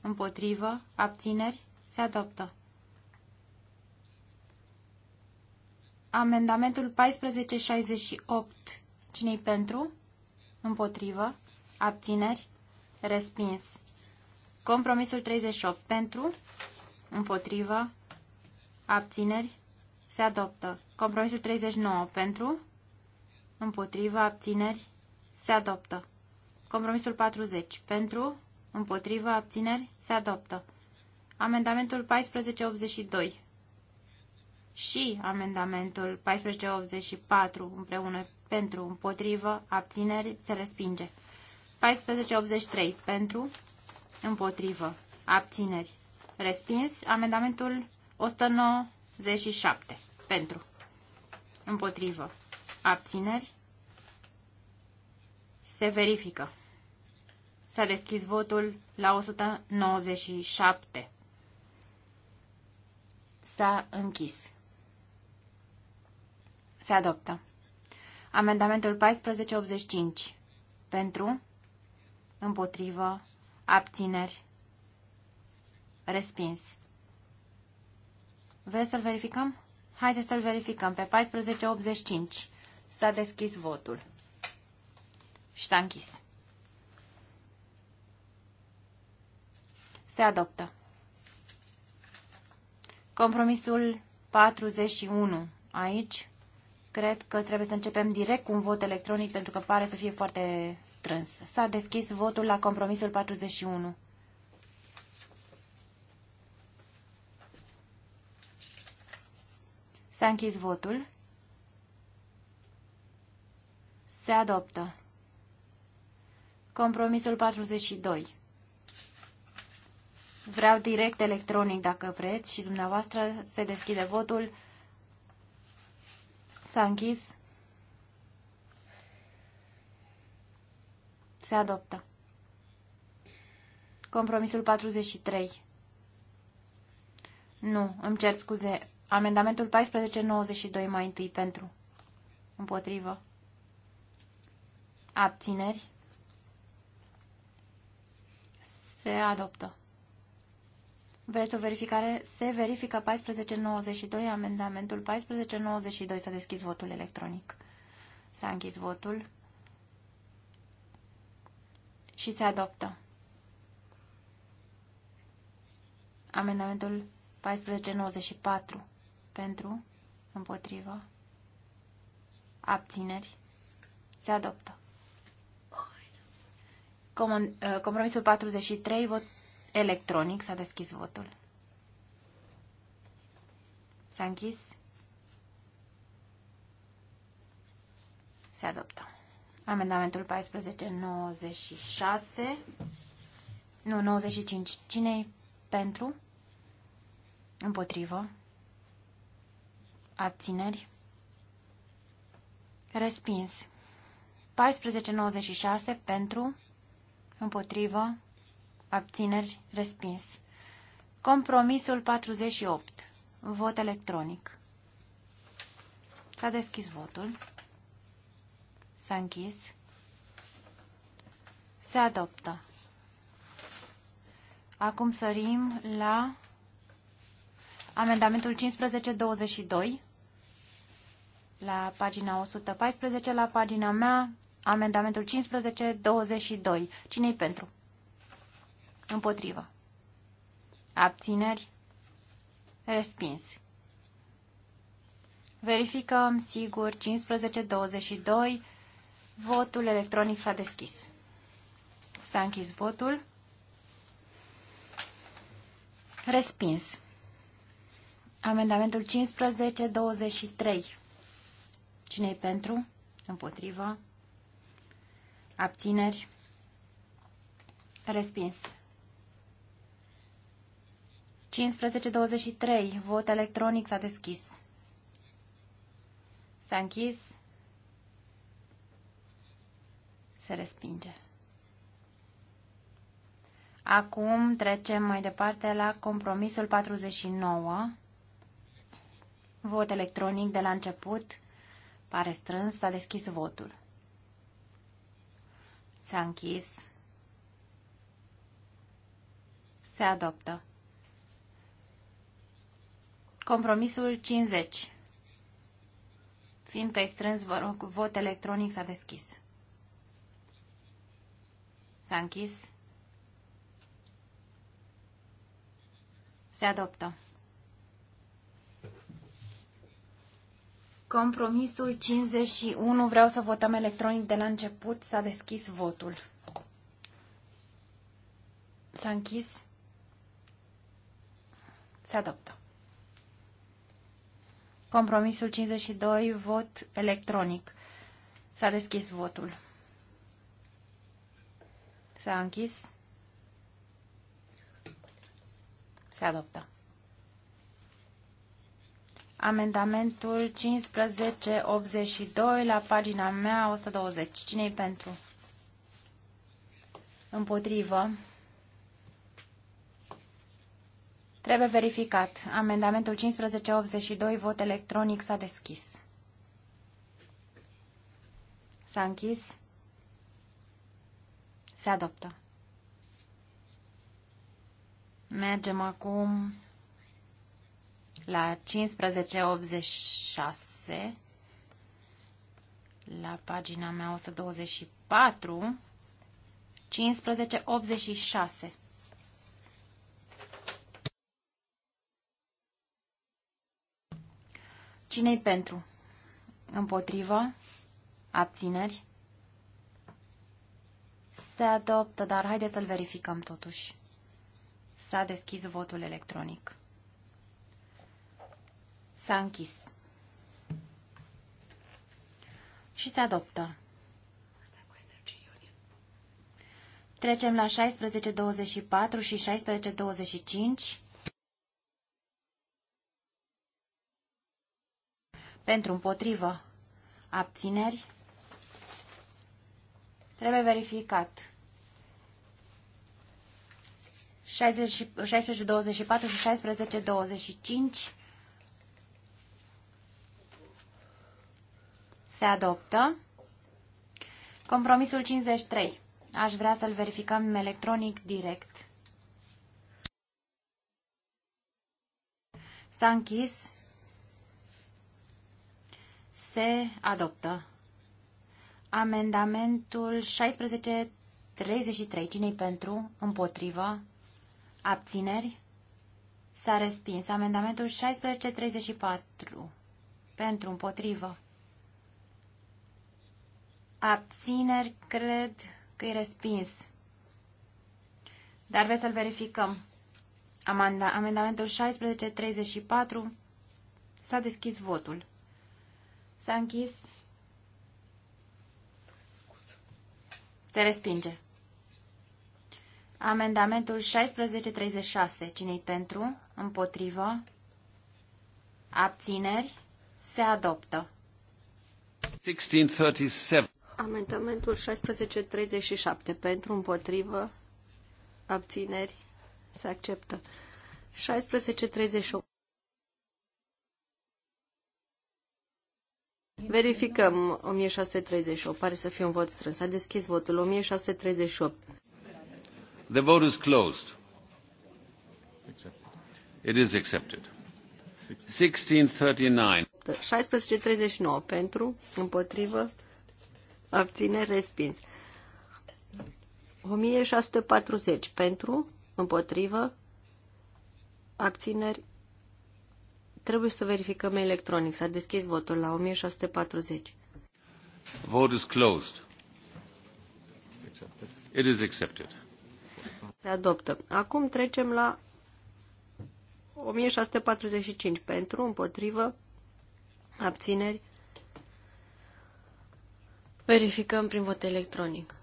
Împotrivă. Abțineri? Se adoptă. Amendamentul 1468. cine pentru? Împotrivă. Abțineri. Respins. Compromisul 38. Pentru. Împotrivă. Abțineri. Se adoptă. Compromisul 39. Pentru. Împotrivă. Abțineri. Se adoptă. Compromisul 40. Pentru. Împotrivă. Abțineri. Se adoptă. Amendamentul 1482 și amendamentul 1484 împreună pentru, împotrivă, abțineri, se respinge. 1483 pentru, împotrivă, abțineri, respins. Amendamentul 197 pentru, împotrivă, abțineri, se verifică. S-a deschis votul la 197. S-a închis. Se adoptă. Amendamentul 1485. Pentru. Împotrivă. Abțineri. Respins. Vreți să-l verificăm? Haideți să-l verificăm. Pe 1485 s-a deschis votul. Și s-a închis. Se adoptă. Compromisul 41. Aici Cred că trebuie să începem direct cu un vot electronic pentru că pare să fie foarte strâns. S-a deschis votul la compromisul 41. S-a închis votul. Se adoptă. Compromisul 42. Vreau direct electronic dacă vreți și dumneavoastră se deschide votul S-a închis. Se adoptă. Compromisul 43. Nu, îmi cer scuze. Amendamentul 1492 mai întâi pentru. Împotrivă. Abțineri. Se adoptă. Vreți o verificare? Se verifică 1492, amendamentul 1492. S-a deschis votul electronic. S-a închis votul și se adoptă. Amendamentul 1494 pentru, împotrivă, abțineri, se adoptă. Uh, compromisul 43, vot electronic. S-a deschis votul. S-a închis. Se adoptă. Amendamentul 1496. Nu, 95. cine pentru? Împotrivă. Abțineri. Respins. 1496 pentru. Împotrivă abțineri, respins. Compromisul 48, vot electronic. S-a deschis votul. S-a închis. Se adoptă. Acum sărim la amendamentul 1522 la pagina 114, la pagina mea, amendamentul 1522. Cine-i pentru? Împotrivă. Abțineri. Respins. Verificăm, sigur, 15-22. Votul electronic s-a deschis. S-a închis votul. Respins. Amendamentul 15-23. cine e pentru? Împotrivă. Abțineri. Respins. 1523. Vot electronic s-a deschis. S-a închis. Se respinge. Acum trecem mai departe la compromisul 49. Vot electronic de la început. Pare strâns, s-a deschis votul. S-a închis. Se adoptă. Compromisul 50. Fiindcă ai strâns, vă rog, vot electronic s-a deschis. S-a închis. Se adoptă. Compromisul 51. Vreau să votăm electronic de la început. S-a deschis votul. S-a închis. Se adoptă. Compromisul 52, vot electronic. S-a deschis votul. S-a închis. Se adoptă. Amendamentul 1582 la pagina mea 120. Cine-i pentru? Împotrivă. Trebuie verificat. Amendamentul 1582, vot electronic, s-a deschis. S-a închis. Se adoptă. Mergem acum la 1586, la pagina mea 124, 1586. Cine-i pentru? Împotrivă? Abțineri? Se adoptă, dar haideți să-l verificăm totuși. S-a deschis votul electronic. S-a închis. Și se adoptă. Trecem la 16.24 și 16.25 Pentru împotrivă. Abțineri. Trebuie verificat. 16, 24 și 16, 25 se adoptă. Compromisul 53. Aș vrea să-l verificăm electronic direct. S-a închis se adoptă. Amendamentul 1633. Cine-i pentru? Împotrivă? Abțineri? S-a respins. Amendamentul 1634. Pentru, împotrivă. Abțineri, cred că e respins. Dar vreți să-l verificăm. amendamentul 1634. S-a deschis votul. S-a închis. Se respinge. Amendamentul 1636. Cine-i pentru? Împotrivă? Abțineri? Se adoptă. 1637. Amendamentul 1637. Pentru, împotrivă, abțineri, se acceptă. 1638. Verificăm 1638. Pare să fie un vot strâns. S-a deschis votul 1638. The vote is closed. It is accepted. 1639. 1639 pentru, împotrivă, abține, respins. 1640 pentru, împotrivă, abțineri, Trebuie să verificăm electronic. S-a deschis votul la 1640. Vote is closed. It is accepted. Se adoptă. Acum trecem la 1645 pentru, împotrivă, abțineri. Verificăm prin vot electronic.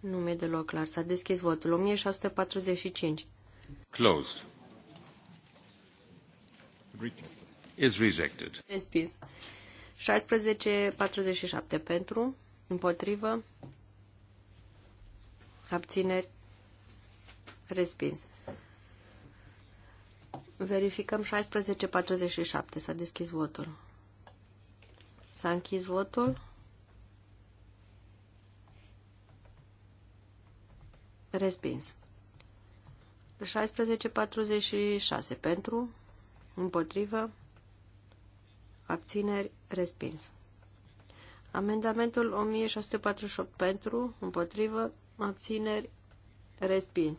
Nu mi-e deloc clar. S-a deschis votul. 1645. Closed. Is rejected. Respins. 16.47 pentru, împotrivă, abțineri, respins. Verificăm 16.47, s-a deschis votul. S-a închis votul. Respins. 16.46 pentru, Împotrivă. Abțineri. Respins. Amendamentul 1648 pentru, împotrivă, abțineri, respins.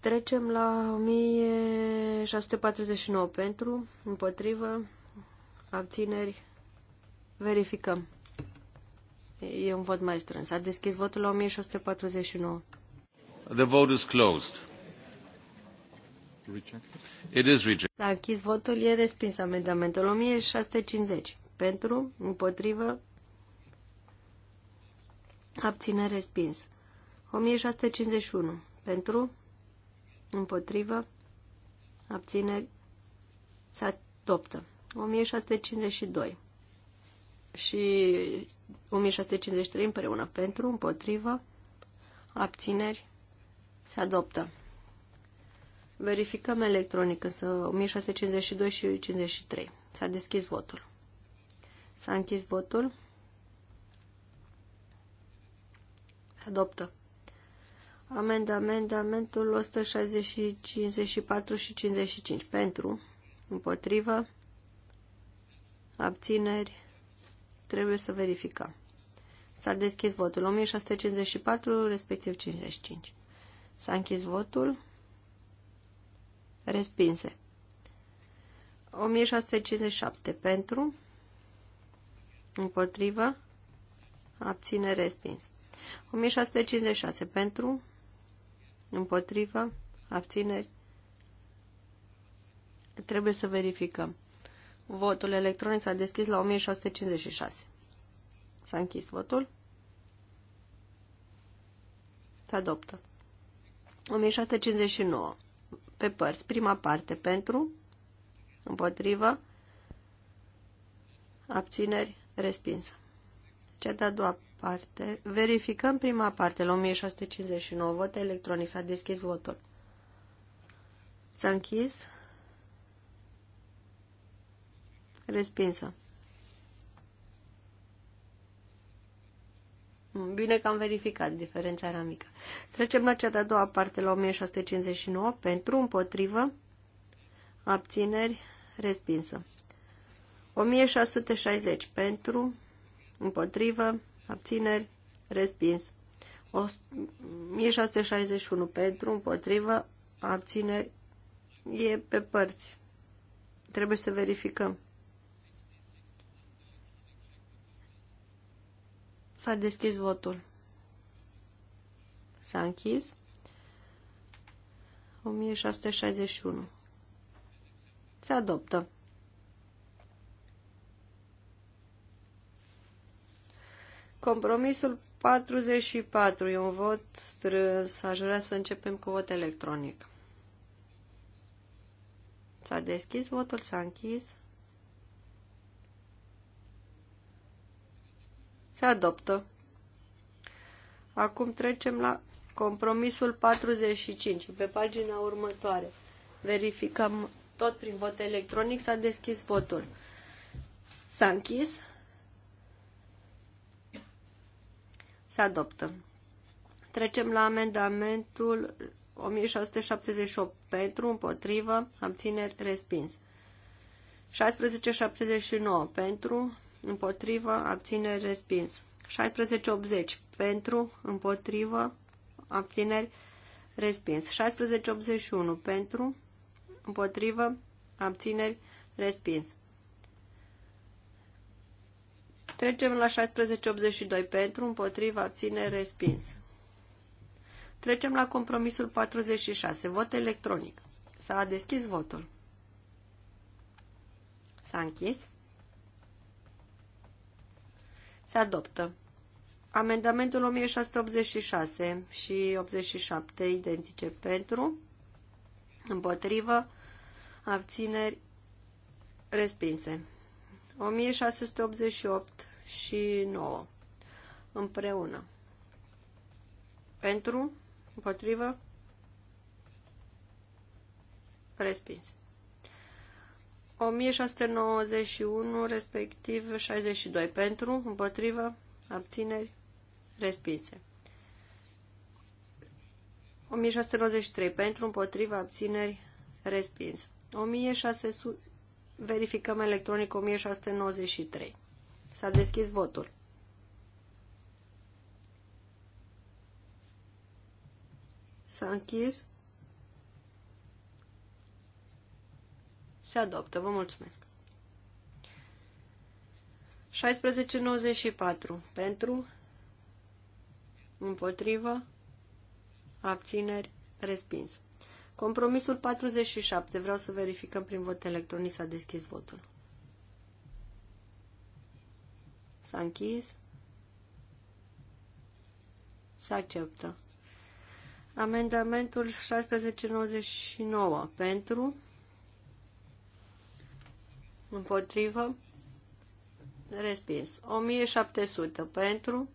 Trecem la 1649 pentru, împotrivă, abțineri, verificăm. E un vot mai strâns. A deschis votul la 1649. The vote is closed. S-a închis votul, e respins amendamentul 1650. Pentru, împotrivă, abține respins. 1651. Pentru, împotrivă, abțineri, se adoptă. 1652 și 1653 împreună. Pentru, împotrivă, abțineri, se adoptă. Verificăm electronic, însă 1652 și 53. S-a deschis votul. S-a închis votul. Adoptă. Amendamentul 160, 54 și 55. Pentru, împotrivă, abțineri, trebuie să verificăm. S-a deschis votul 1654, respectiv 55. S-a închis votul respinse. 1657 pentru, împotrivă, abține, respins. 1656 pentru, împotrivă, abțineri. Trebuie să verificăm. Votul electronic s-a deschis la 1656. S-a închis votul. Se adoptă. 1659 pe părți. Prima parte pentru, împotrivă, abțineri, respinsă. Cea de-a doua parte. Verificăm prima parte la 1659. Vot electronic. S-a deschis votul. S-a închis. Respinsă. Bine că am verificat, diferența era mică. Trecem la cea de-a doua parte, la 1659, pentru, împotrivă, abțineri, respinsă. 1660, pentru, împotrivă, abțineri, respins. 1661, pentru, împotrivă, abțineri, e pe părți. Trebuie să verificăm. S-a deschis votul. S-a închis. 1661. Se adoptă. Compromisul 44 e un vot strâns. Aș vrea să începem cu vot electronic. S-a deschis votul, s-a închis. 1661. Se adoptă. Acum trecem la compromisul 45, pe pagina următoare. Verificăm tot prin vot electronic, s-a deschis votul. S-a închis. Se adoptă. Trecem la amendamentul 1678 pentru, împotrivă, abțineri, respins. 1679 pentru, împotrivă, abțineri, respins. 1680 pentru, împotrivă, abțineri, respins. 1681 pentru, împotrivă, abțineri, respins. Trecem la 1682 pentru, împotrivă, abțineri, respins. Trecem la compromisul 46, vot electronic. S-a deschis votul. S-a închis. Se adoptă. Amendamentul 1686 și 87 identice pentru, împotrivă, abțineri respinse. 1688 și 9 împreună. Pentru, împotrivă, respinse. 1691, respectiv 62 pentru, împotrivă, abțineri, respinse. 1693 pentru, împotrivă, abțineri, respins. 1600, verificăm electronic 1693. S-a deschis votul. S-a închis Se adoptă. Vă mulțumesc. 1694. Pentru, împotrivă, abțineri, respins. Compromisul 47. Vreau să verificăm prin vot electronic. S-a deschis votul. S-a închis. Se acceptă. Amendamentul 1699. Pentru, Împotrivă. Respins. 1700 pentru.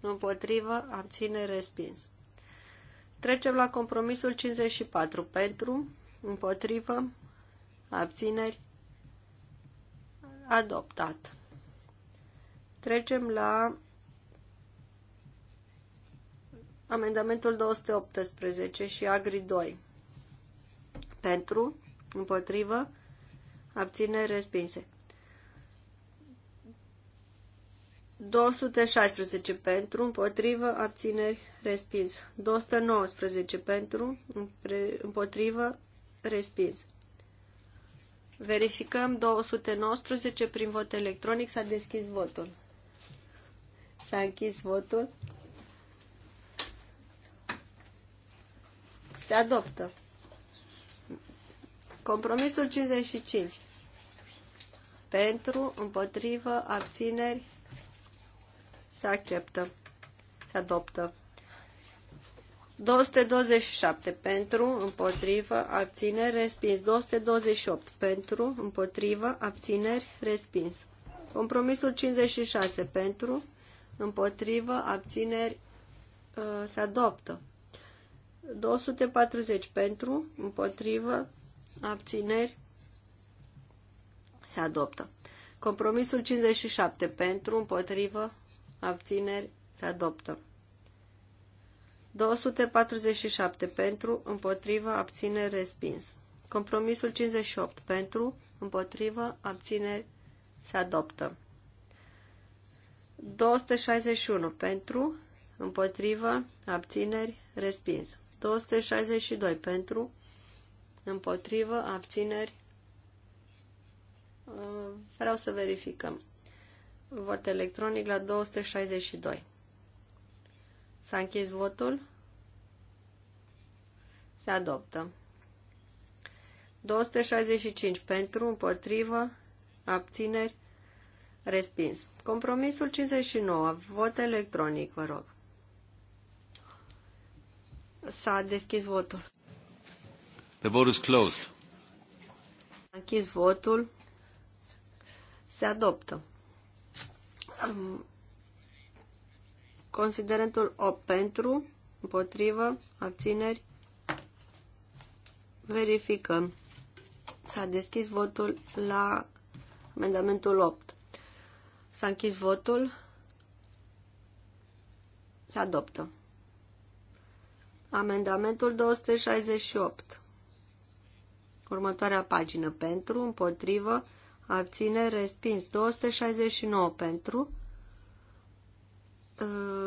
Împotrivă. Abține. Respins. Trecem la compromisul 54 pentru. Împotrivă. Abțineri. Adoptat. Trecem la amendamentul 218 și Agri 2. Pentru, împotrivă, abțineri respinse. 216 pentru, împotrivă, abțineri, respins. 219 pentru, împotrivă, respins. Verificăm 219 prin vot electronic. S-a deschis votul. S-a închis votul. Se adoptă. Compromisul 55. Pentru, împotrivă, abțineri, se acceptă, se adoptă. 227 pentru, împotrivă, abțineri, respins. 228 pentru, împotrivă, abțineri, respins. Compromisul 56 pentru, împotrivă, abțineri, uh, se adoptă. 240 pentru, împotrivă, abțineri, se adoptă. Compromisul 57 pentru, împotrivă, abțineri, se adoptă. 247 pentru, împotrivă, abțineri, respins. Compromisul 58 pentru, împotrivă, abțineri, se adoptă. 261 pentru, împotrivă, abțineri, respins. 262 pentru, Împotrivă, abțineri. Uh, vreau să verificăm. Vot electronic la 262. S-a închis votul. Se adoptă. 265 pentru, împotrivă, abțineri, respins. Compromisul 59, vot electronic, vă rog. S-a deschis votul. The vote is closed. Închis votul. Se adoptă. Considerentul 8 pentru, împotrivă, abțineri. Verificăm. S-a deschis votul la amendamentul 8. S-a închis votul. Se adoptă. Amendamentul 268. Următoarea pagină. Pentru, împotrivă, abține, respins. 269 pentru.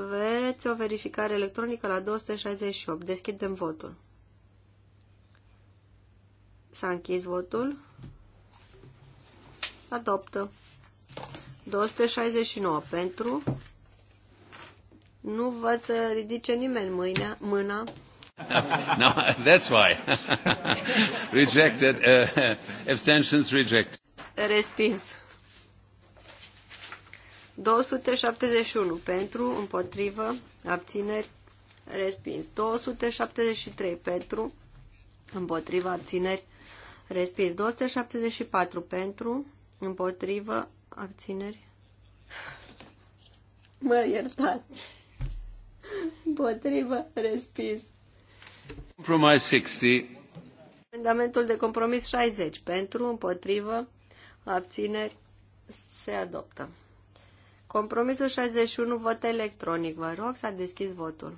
Veți o verificare electronică la 268. Deschidem votul. S-a închis votul. Adoptă. 269 pentru. Nu văd să ridice nimeni mâinea, mâna no, that's why. rejected. Uh, abstentions rejected. Respins. 271 pentru, împotrivă, abțineri, respins. 273 pentru, împotrivă, abțineri, respins. 274 pentru, împotrivă, abțineri. Mă iertați. Împotrivă, respins. 60. Amendamentul de compromis 60. Pentru, împotrivă, abțineri, se adoptă. Compromisul 61, vot electronic. Vă rog, s-a deschis votul.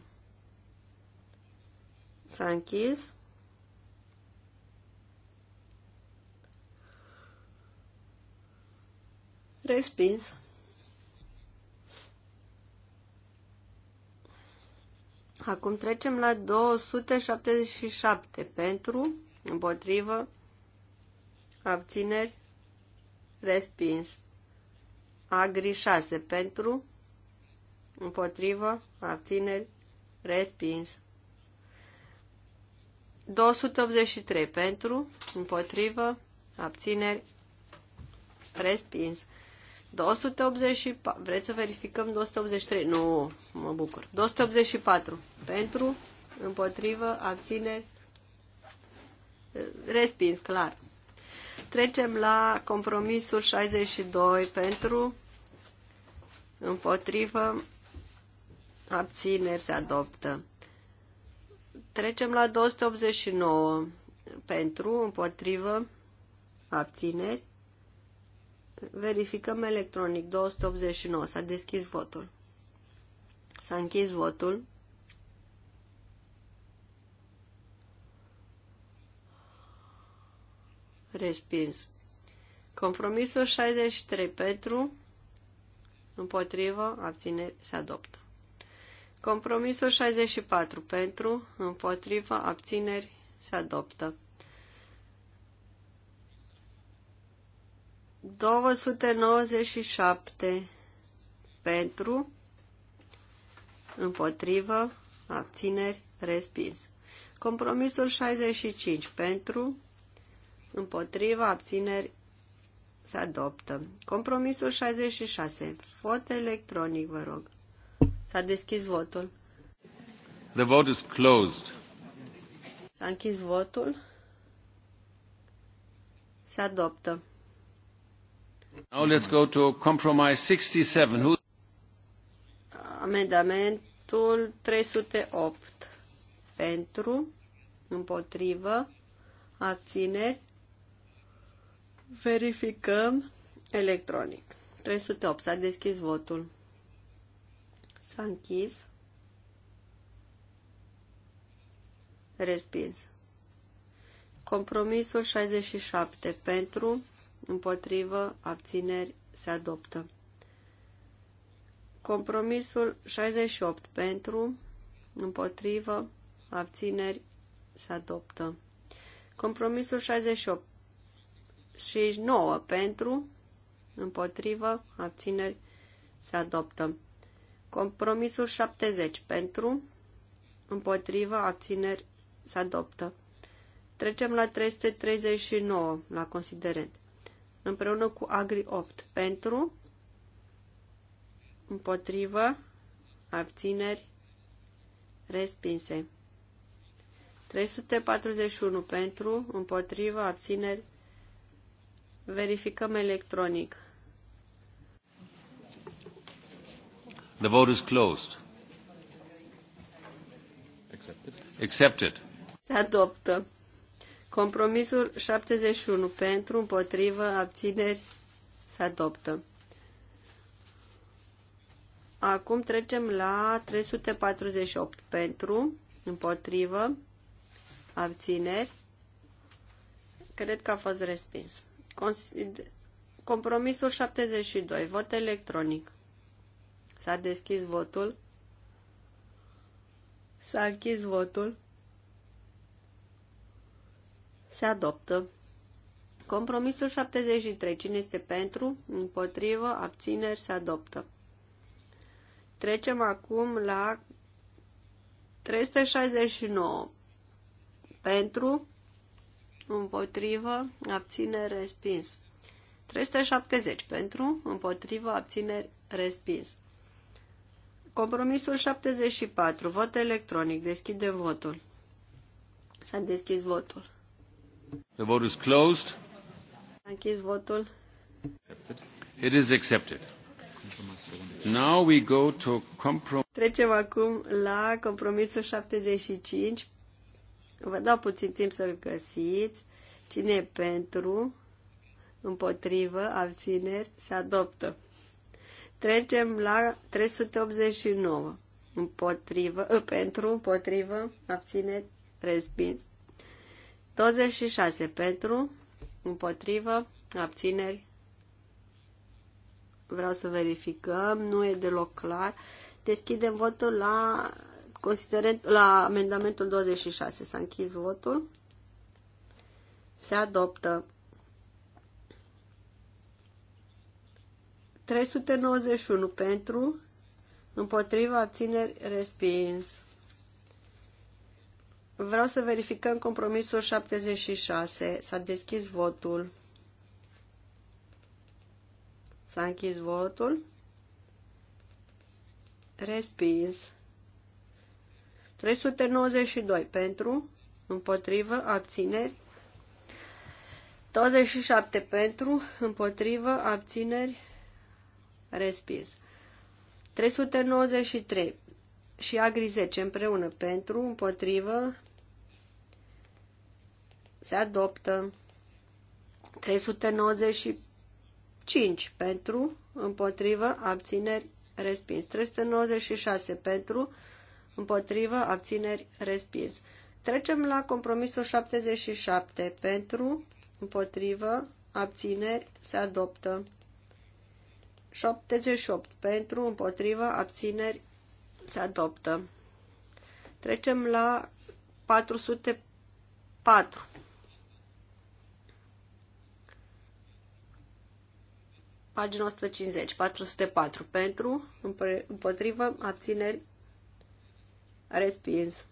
S-a închis. Respins. Acum trecem la 277 pentru, împotrivă, abțineri, respins. Agri 6 pentru, împotrivă, abțineri, respins. 283 pentru, împotrivă, abțineri, respins. 284. Vreți să verificăm 283? Nu, mă bucur. 284. Pentru, împotrivă, abține, Respins, clar. Trecem la compromisul 62 pentru, împotrivă, abțineri se adoptă. Trecem la 289 pentru, împotrivă, abțineri Verificăm electronic. 289. S-a deschis votul. S-a închis votul. Respins. Compromisul 63 pentru, împotrivă, abține, se adoptă. Compromisul 64 pentru, împotrivă, abțineri, se adoptă. 297 pentru, împotrivă, abțineri, respins. Compromisul 65 pentru, împotrivă, abțineri, se adoptă. Compromisul 66, vot electronic, vă rog. S-a deschis votul. The vote is closed. S-a închis votul. Se adoptă. Now let's go to compromise 67. Amendamentul 308 pentru, împotrivă, abțineri, verificăm electronic. 308. S-a deschis votul. S-a închis. Respins. Compromisul 67 pentru, împotrivă, abțineri, se adoptă. Compromisul 68 pentru, împotrivă, abțineri, se adoptă. Compromisul 68 și 9 pentru, împotrivă, abțineri, se adoptă. Compromisul 70 pentru, împotrivă, abțineri, se adoptă. Trecem la 339, la considerent împreună cu Agri 8 pentru, împotrivă, abțineri, respinse. 341 pentru, împotrivă, abțineri, verificăm electronic. The vote is closed. Accepted. Accepted. Se adoptă. Compromisul 71 pentru, împotrivă, abțineri se adoptă. Acum trecem la 348 pentru, împotrivă, abțineri. Cred că a fost respins. Compromisul 72, vot electronic. S-a deschis votul. S-a închis votul se adoptă. Compromisul 73. Cine este pentru? Împotrivă? Abțineri? Se adoptă. Trecem acum la 369. Pentru? Împotrivă? Abțineri? Respins. 370. Pentru? Împotrivă? Abțineri? Respins. Compromisul 74. Vot electronic. Deschide votul. S-a deschis votul. The vote is closed. închis votul. It is accepted. Now we go to compromise. Trecem acum la compromisul 75. Vă dau puțin timp să-l găsiți. Cine e pentru, împotrivă, abțineri, se adoptă. Trecem la 389. Împotrivă, ă, pentru, împotrivă, abțineri, respins. 26 pentru, împotrivă, abțineri. Vreau să verificăm, nu e deloc clar. Deschidem votul la, considerent, la amendamentul 26. S-a închis votul. Se adoptă. 391 pentru, împotriva abțineri, respins. Vreau să verificăm compromisul 76. S-a deschis votul. S-a închis votul. Respins. 392 pentru, împotrivă, abțineri. 27 pentru, împotrivă, abțineri, respins. 393 și agri 10 împreună pentru, împotrivă, se adoptă. 395 pentru, împotrivă, abțineri, respins. 396 pentru, împotrivă, abțineri, respins. Trecem la compromisul 77 pentru, împotrivă, abțineri, se adoptă. 78 pentru, împotrivă, abțineri, se adoptă. Trecem la 404 Pagina 150, 404 pentru, împotrivă, abțineri, respins.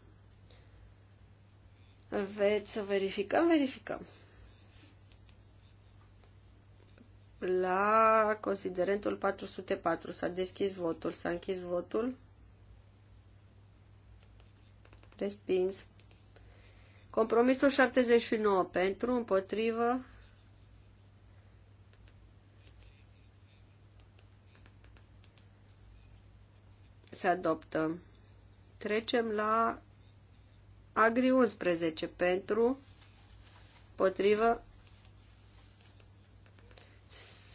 Veți să verificăm, verificăm. La considerentul 404 s-a deschis votul, s-a închis votul. Respins. Compromisul 79 pentru, împotrivă, se adoptă. Trecem la Agri 11 pentru, potrivă,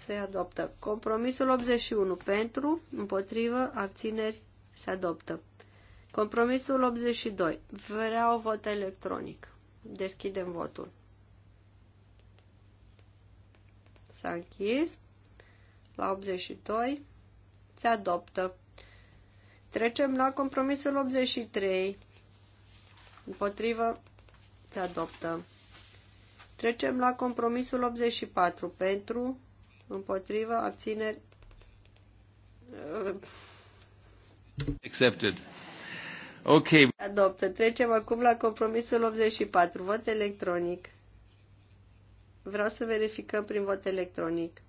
se adoptă. Compromisul 81 pentru, împotrivă, abțineri, se adoptă. Compromisul 82. Vreau vot electronic. Deschidem votul. S-a închis. La 82 se adoptă Trecem la compromisul 83. Împotrivă se adoptă. Trecem la compromisul 84. Pentru, împotrivă, abțineri. Uh, Accepted. Ok. Adoptă. Trecem acum la compromisul 84. Vot electronic. Vreau să verificăm prin vot electronic.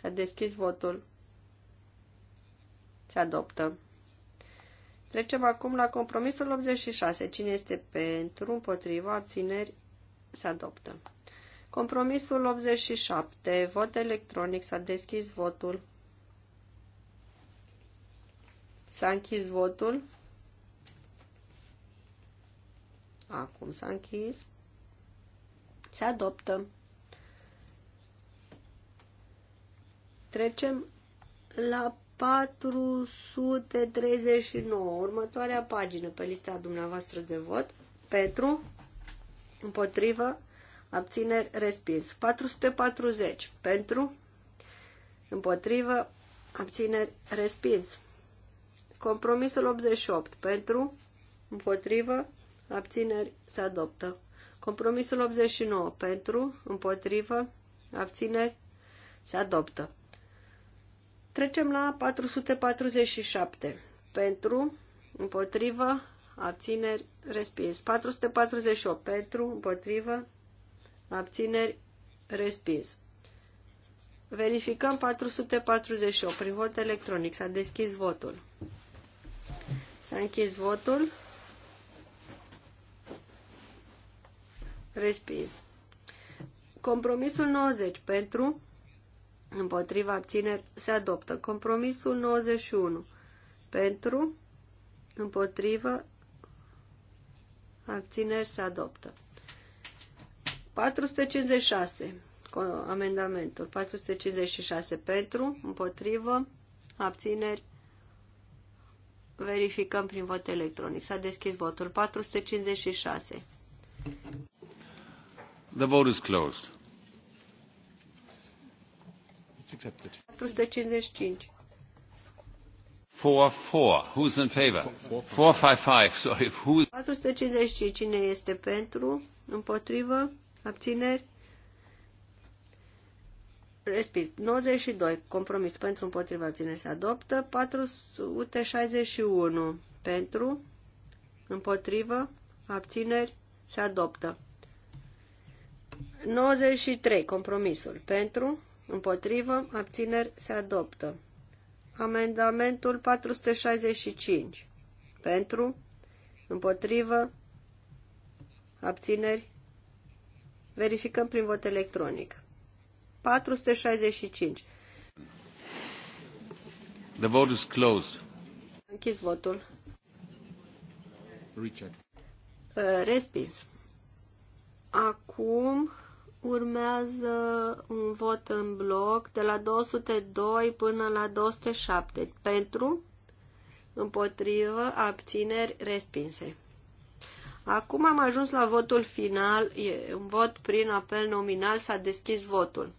S-a deschis votul. Se adoptă. Trecem acum la compromisul 86. Cine este pentru, împotriva, abțineri, se adoptă. Compromisul 87. Vot electronic. S-a deschis votul. S-a închis votul. Acum s-a închis. Se adoptă. Trecem la 439, următoarea pagină pe lista dumneavoastră de vot, pentru, împotrivă, abțineri, respins. 440, pentru, împotrivă, abțineri, respins. Compromisul 88, pentru, împotrivă, abțineri, se adoptă. Compromisul 89, pentru, împotrivă, abțineri, se adoptă. Trecem la 447. Pentru, împotrivă, abțineri, respins. 448. Pentru, împotrivă, abțineri, respins. Verificăm 448 prin vot electronic. S-a deschis votul. S-a închis votul. Respins. Compromisul 90 pentru Împotriva abțineri se adoptă. Compromisul 91. Pentru, împotrivă, abțineri se adoptă. 456. Amendamentul 456 pentru, împotrivă, abțineri. Verificăm prin vot electronic. S-a deschis votul 456. The vote is closed accepted. 455. 4-4. Who's in favor? 4-5-5. Sorry. Who... 455. Cine este pentru? Împotrivă? Abțineri? Respins. 92. Compromis pentru împotrivă abțineri se adoptă. 461. Pentru? Împotrivă? Abțineri? Se adoptă. 93. Compromisul. Pentru? Împotrivă, abțineri, se adoptă. Amendamentul 465. Pentru, împotrivă, abțineri, verificăm prin vot electronic. 465. The vote is closed. Închis votul. Richard. Uh, respins. Acum Urmează un vot în bloc de la 202 până la 207 pentru, împotrivă, abțineri, respinse. Acum am ajuns la votul final, e un vot prin apel nominal, s-a deschis votul.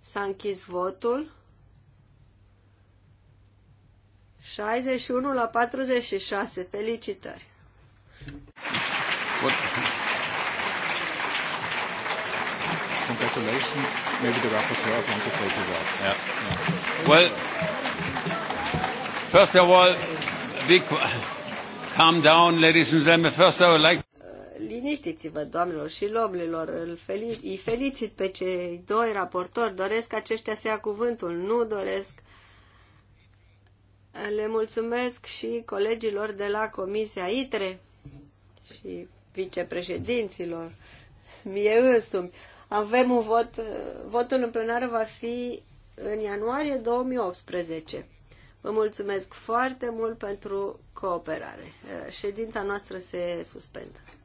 S-a închis votul. 61 la 46, felicitări! What? Congratulations. Maybe the rapporteurs want to say two words. Yeah. yeah. Well, first of all, big, calm down, ladies and gentlemen. First I would like uh, liniștiți-vă, doamnelor și domnilor, îi felicit pe cei doi raportori, doresc aceștia să ia cuvântul, nu doresc. Le mulțumesc și colegilor de la Comisia ITRE și vicepreședinților, mie însumi. Avem un vot, votul în plenară va fi în ianuarie 2018. Vă mulțumesc foarte mult pentru cooperare. Ședința noastră se suspendă.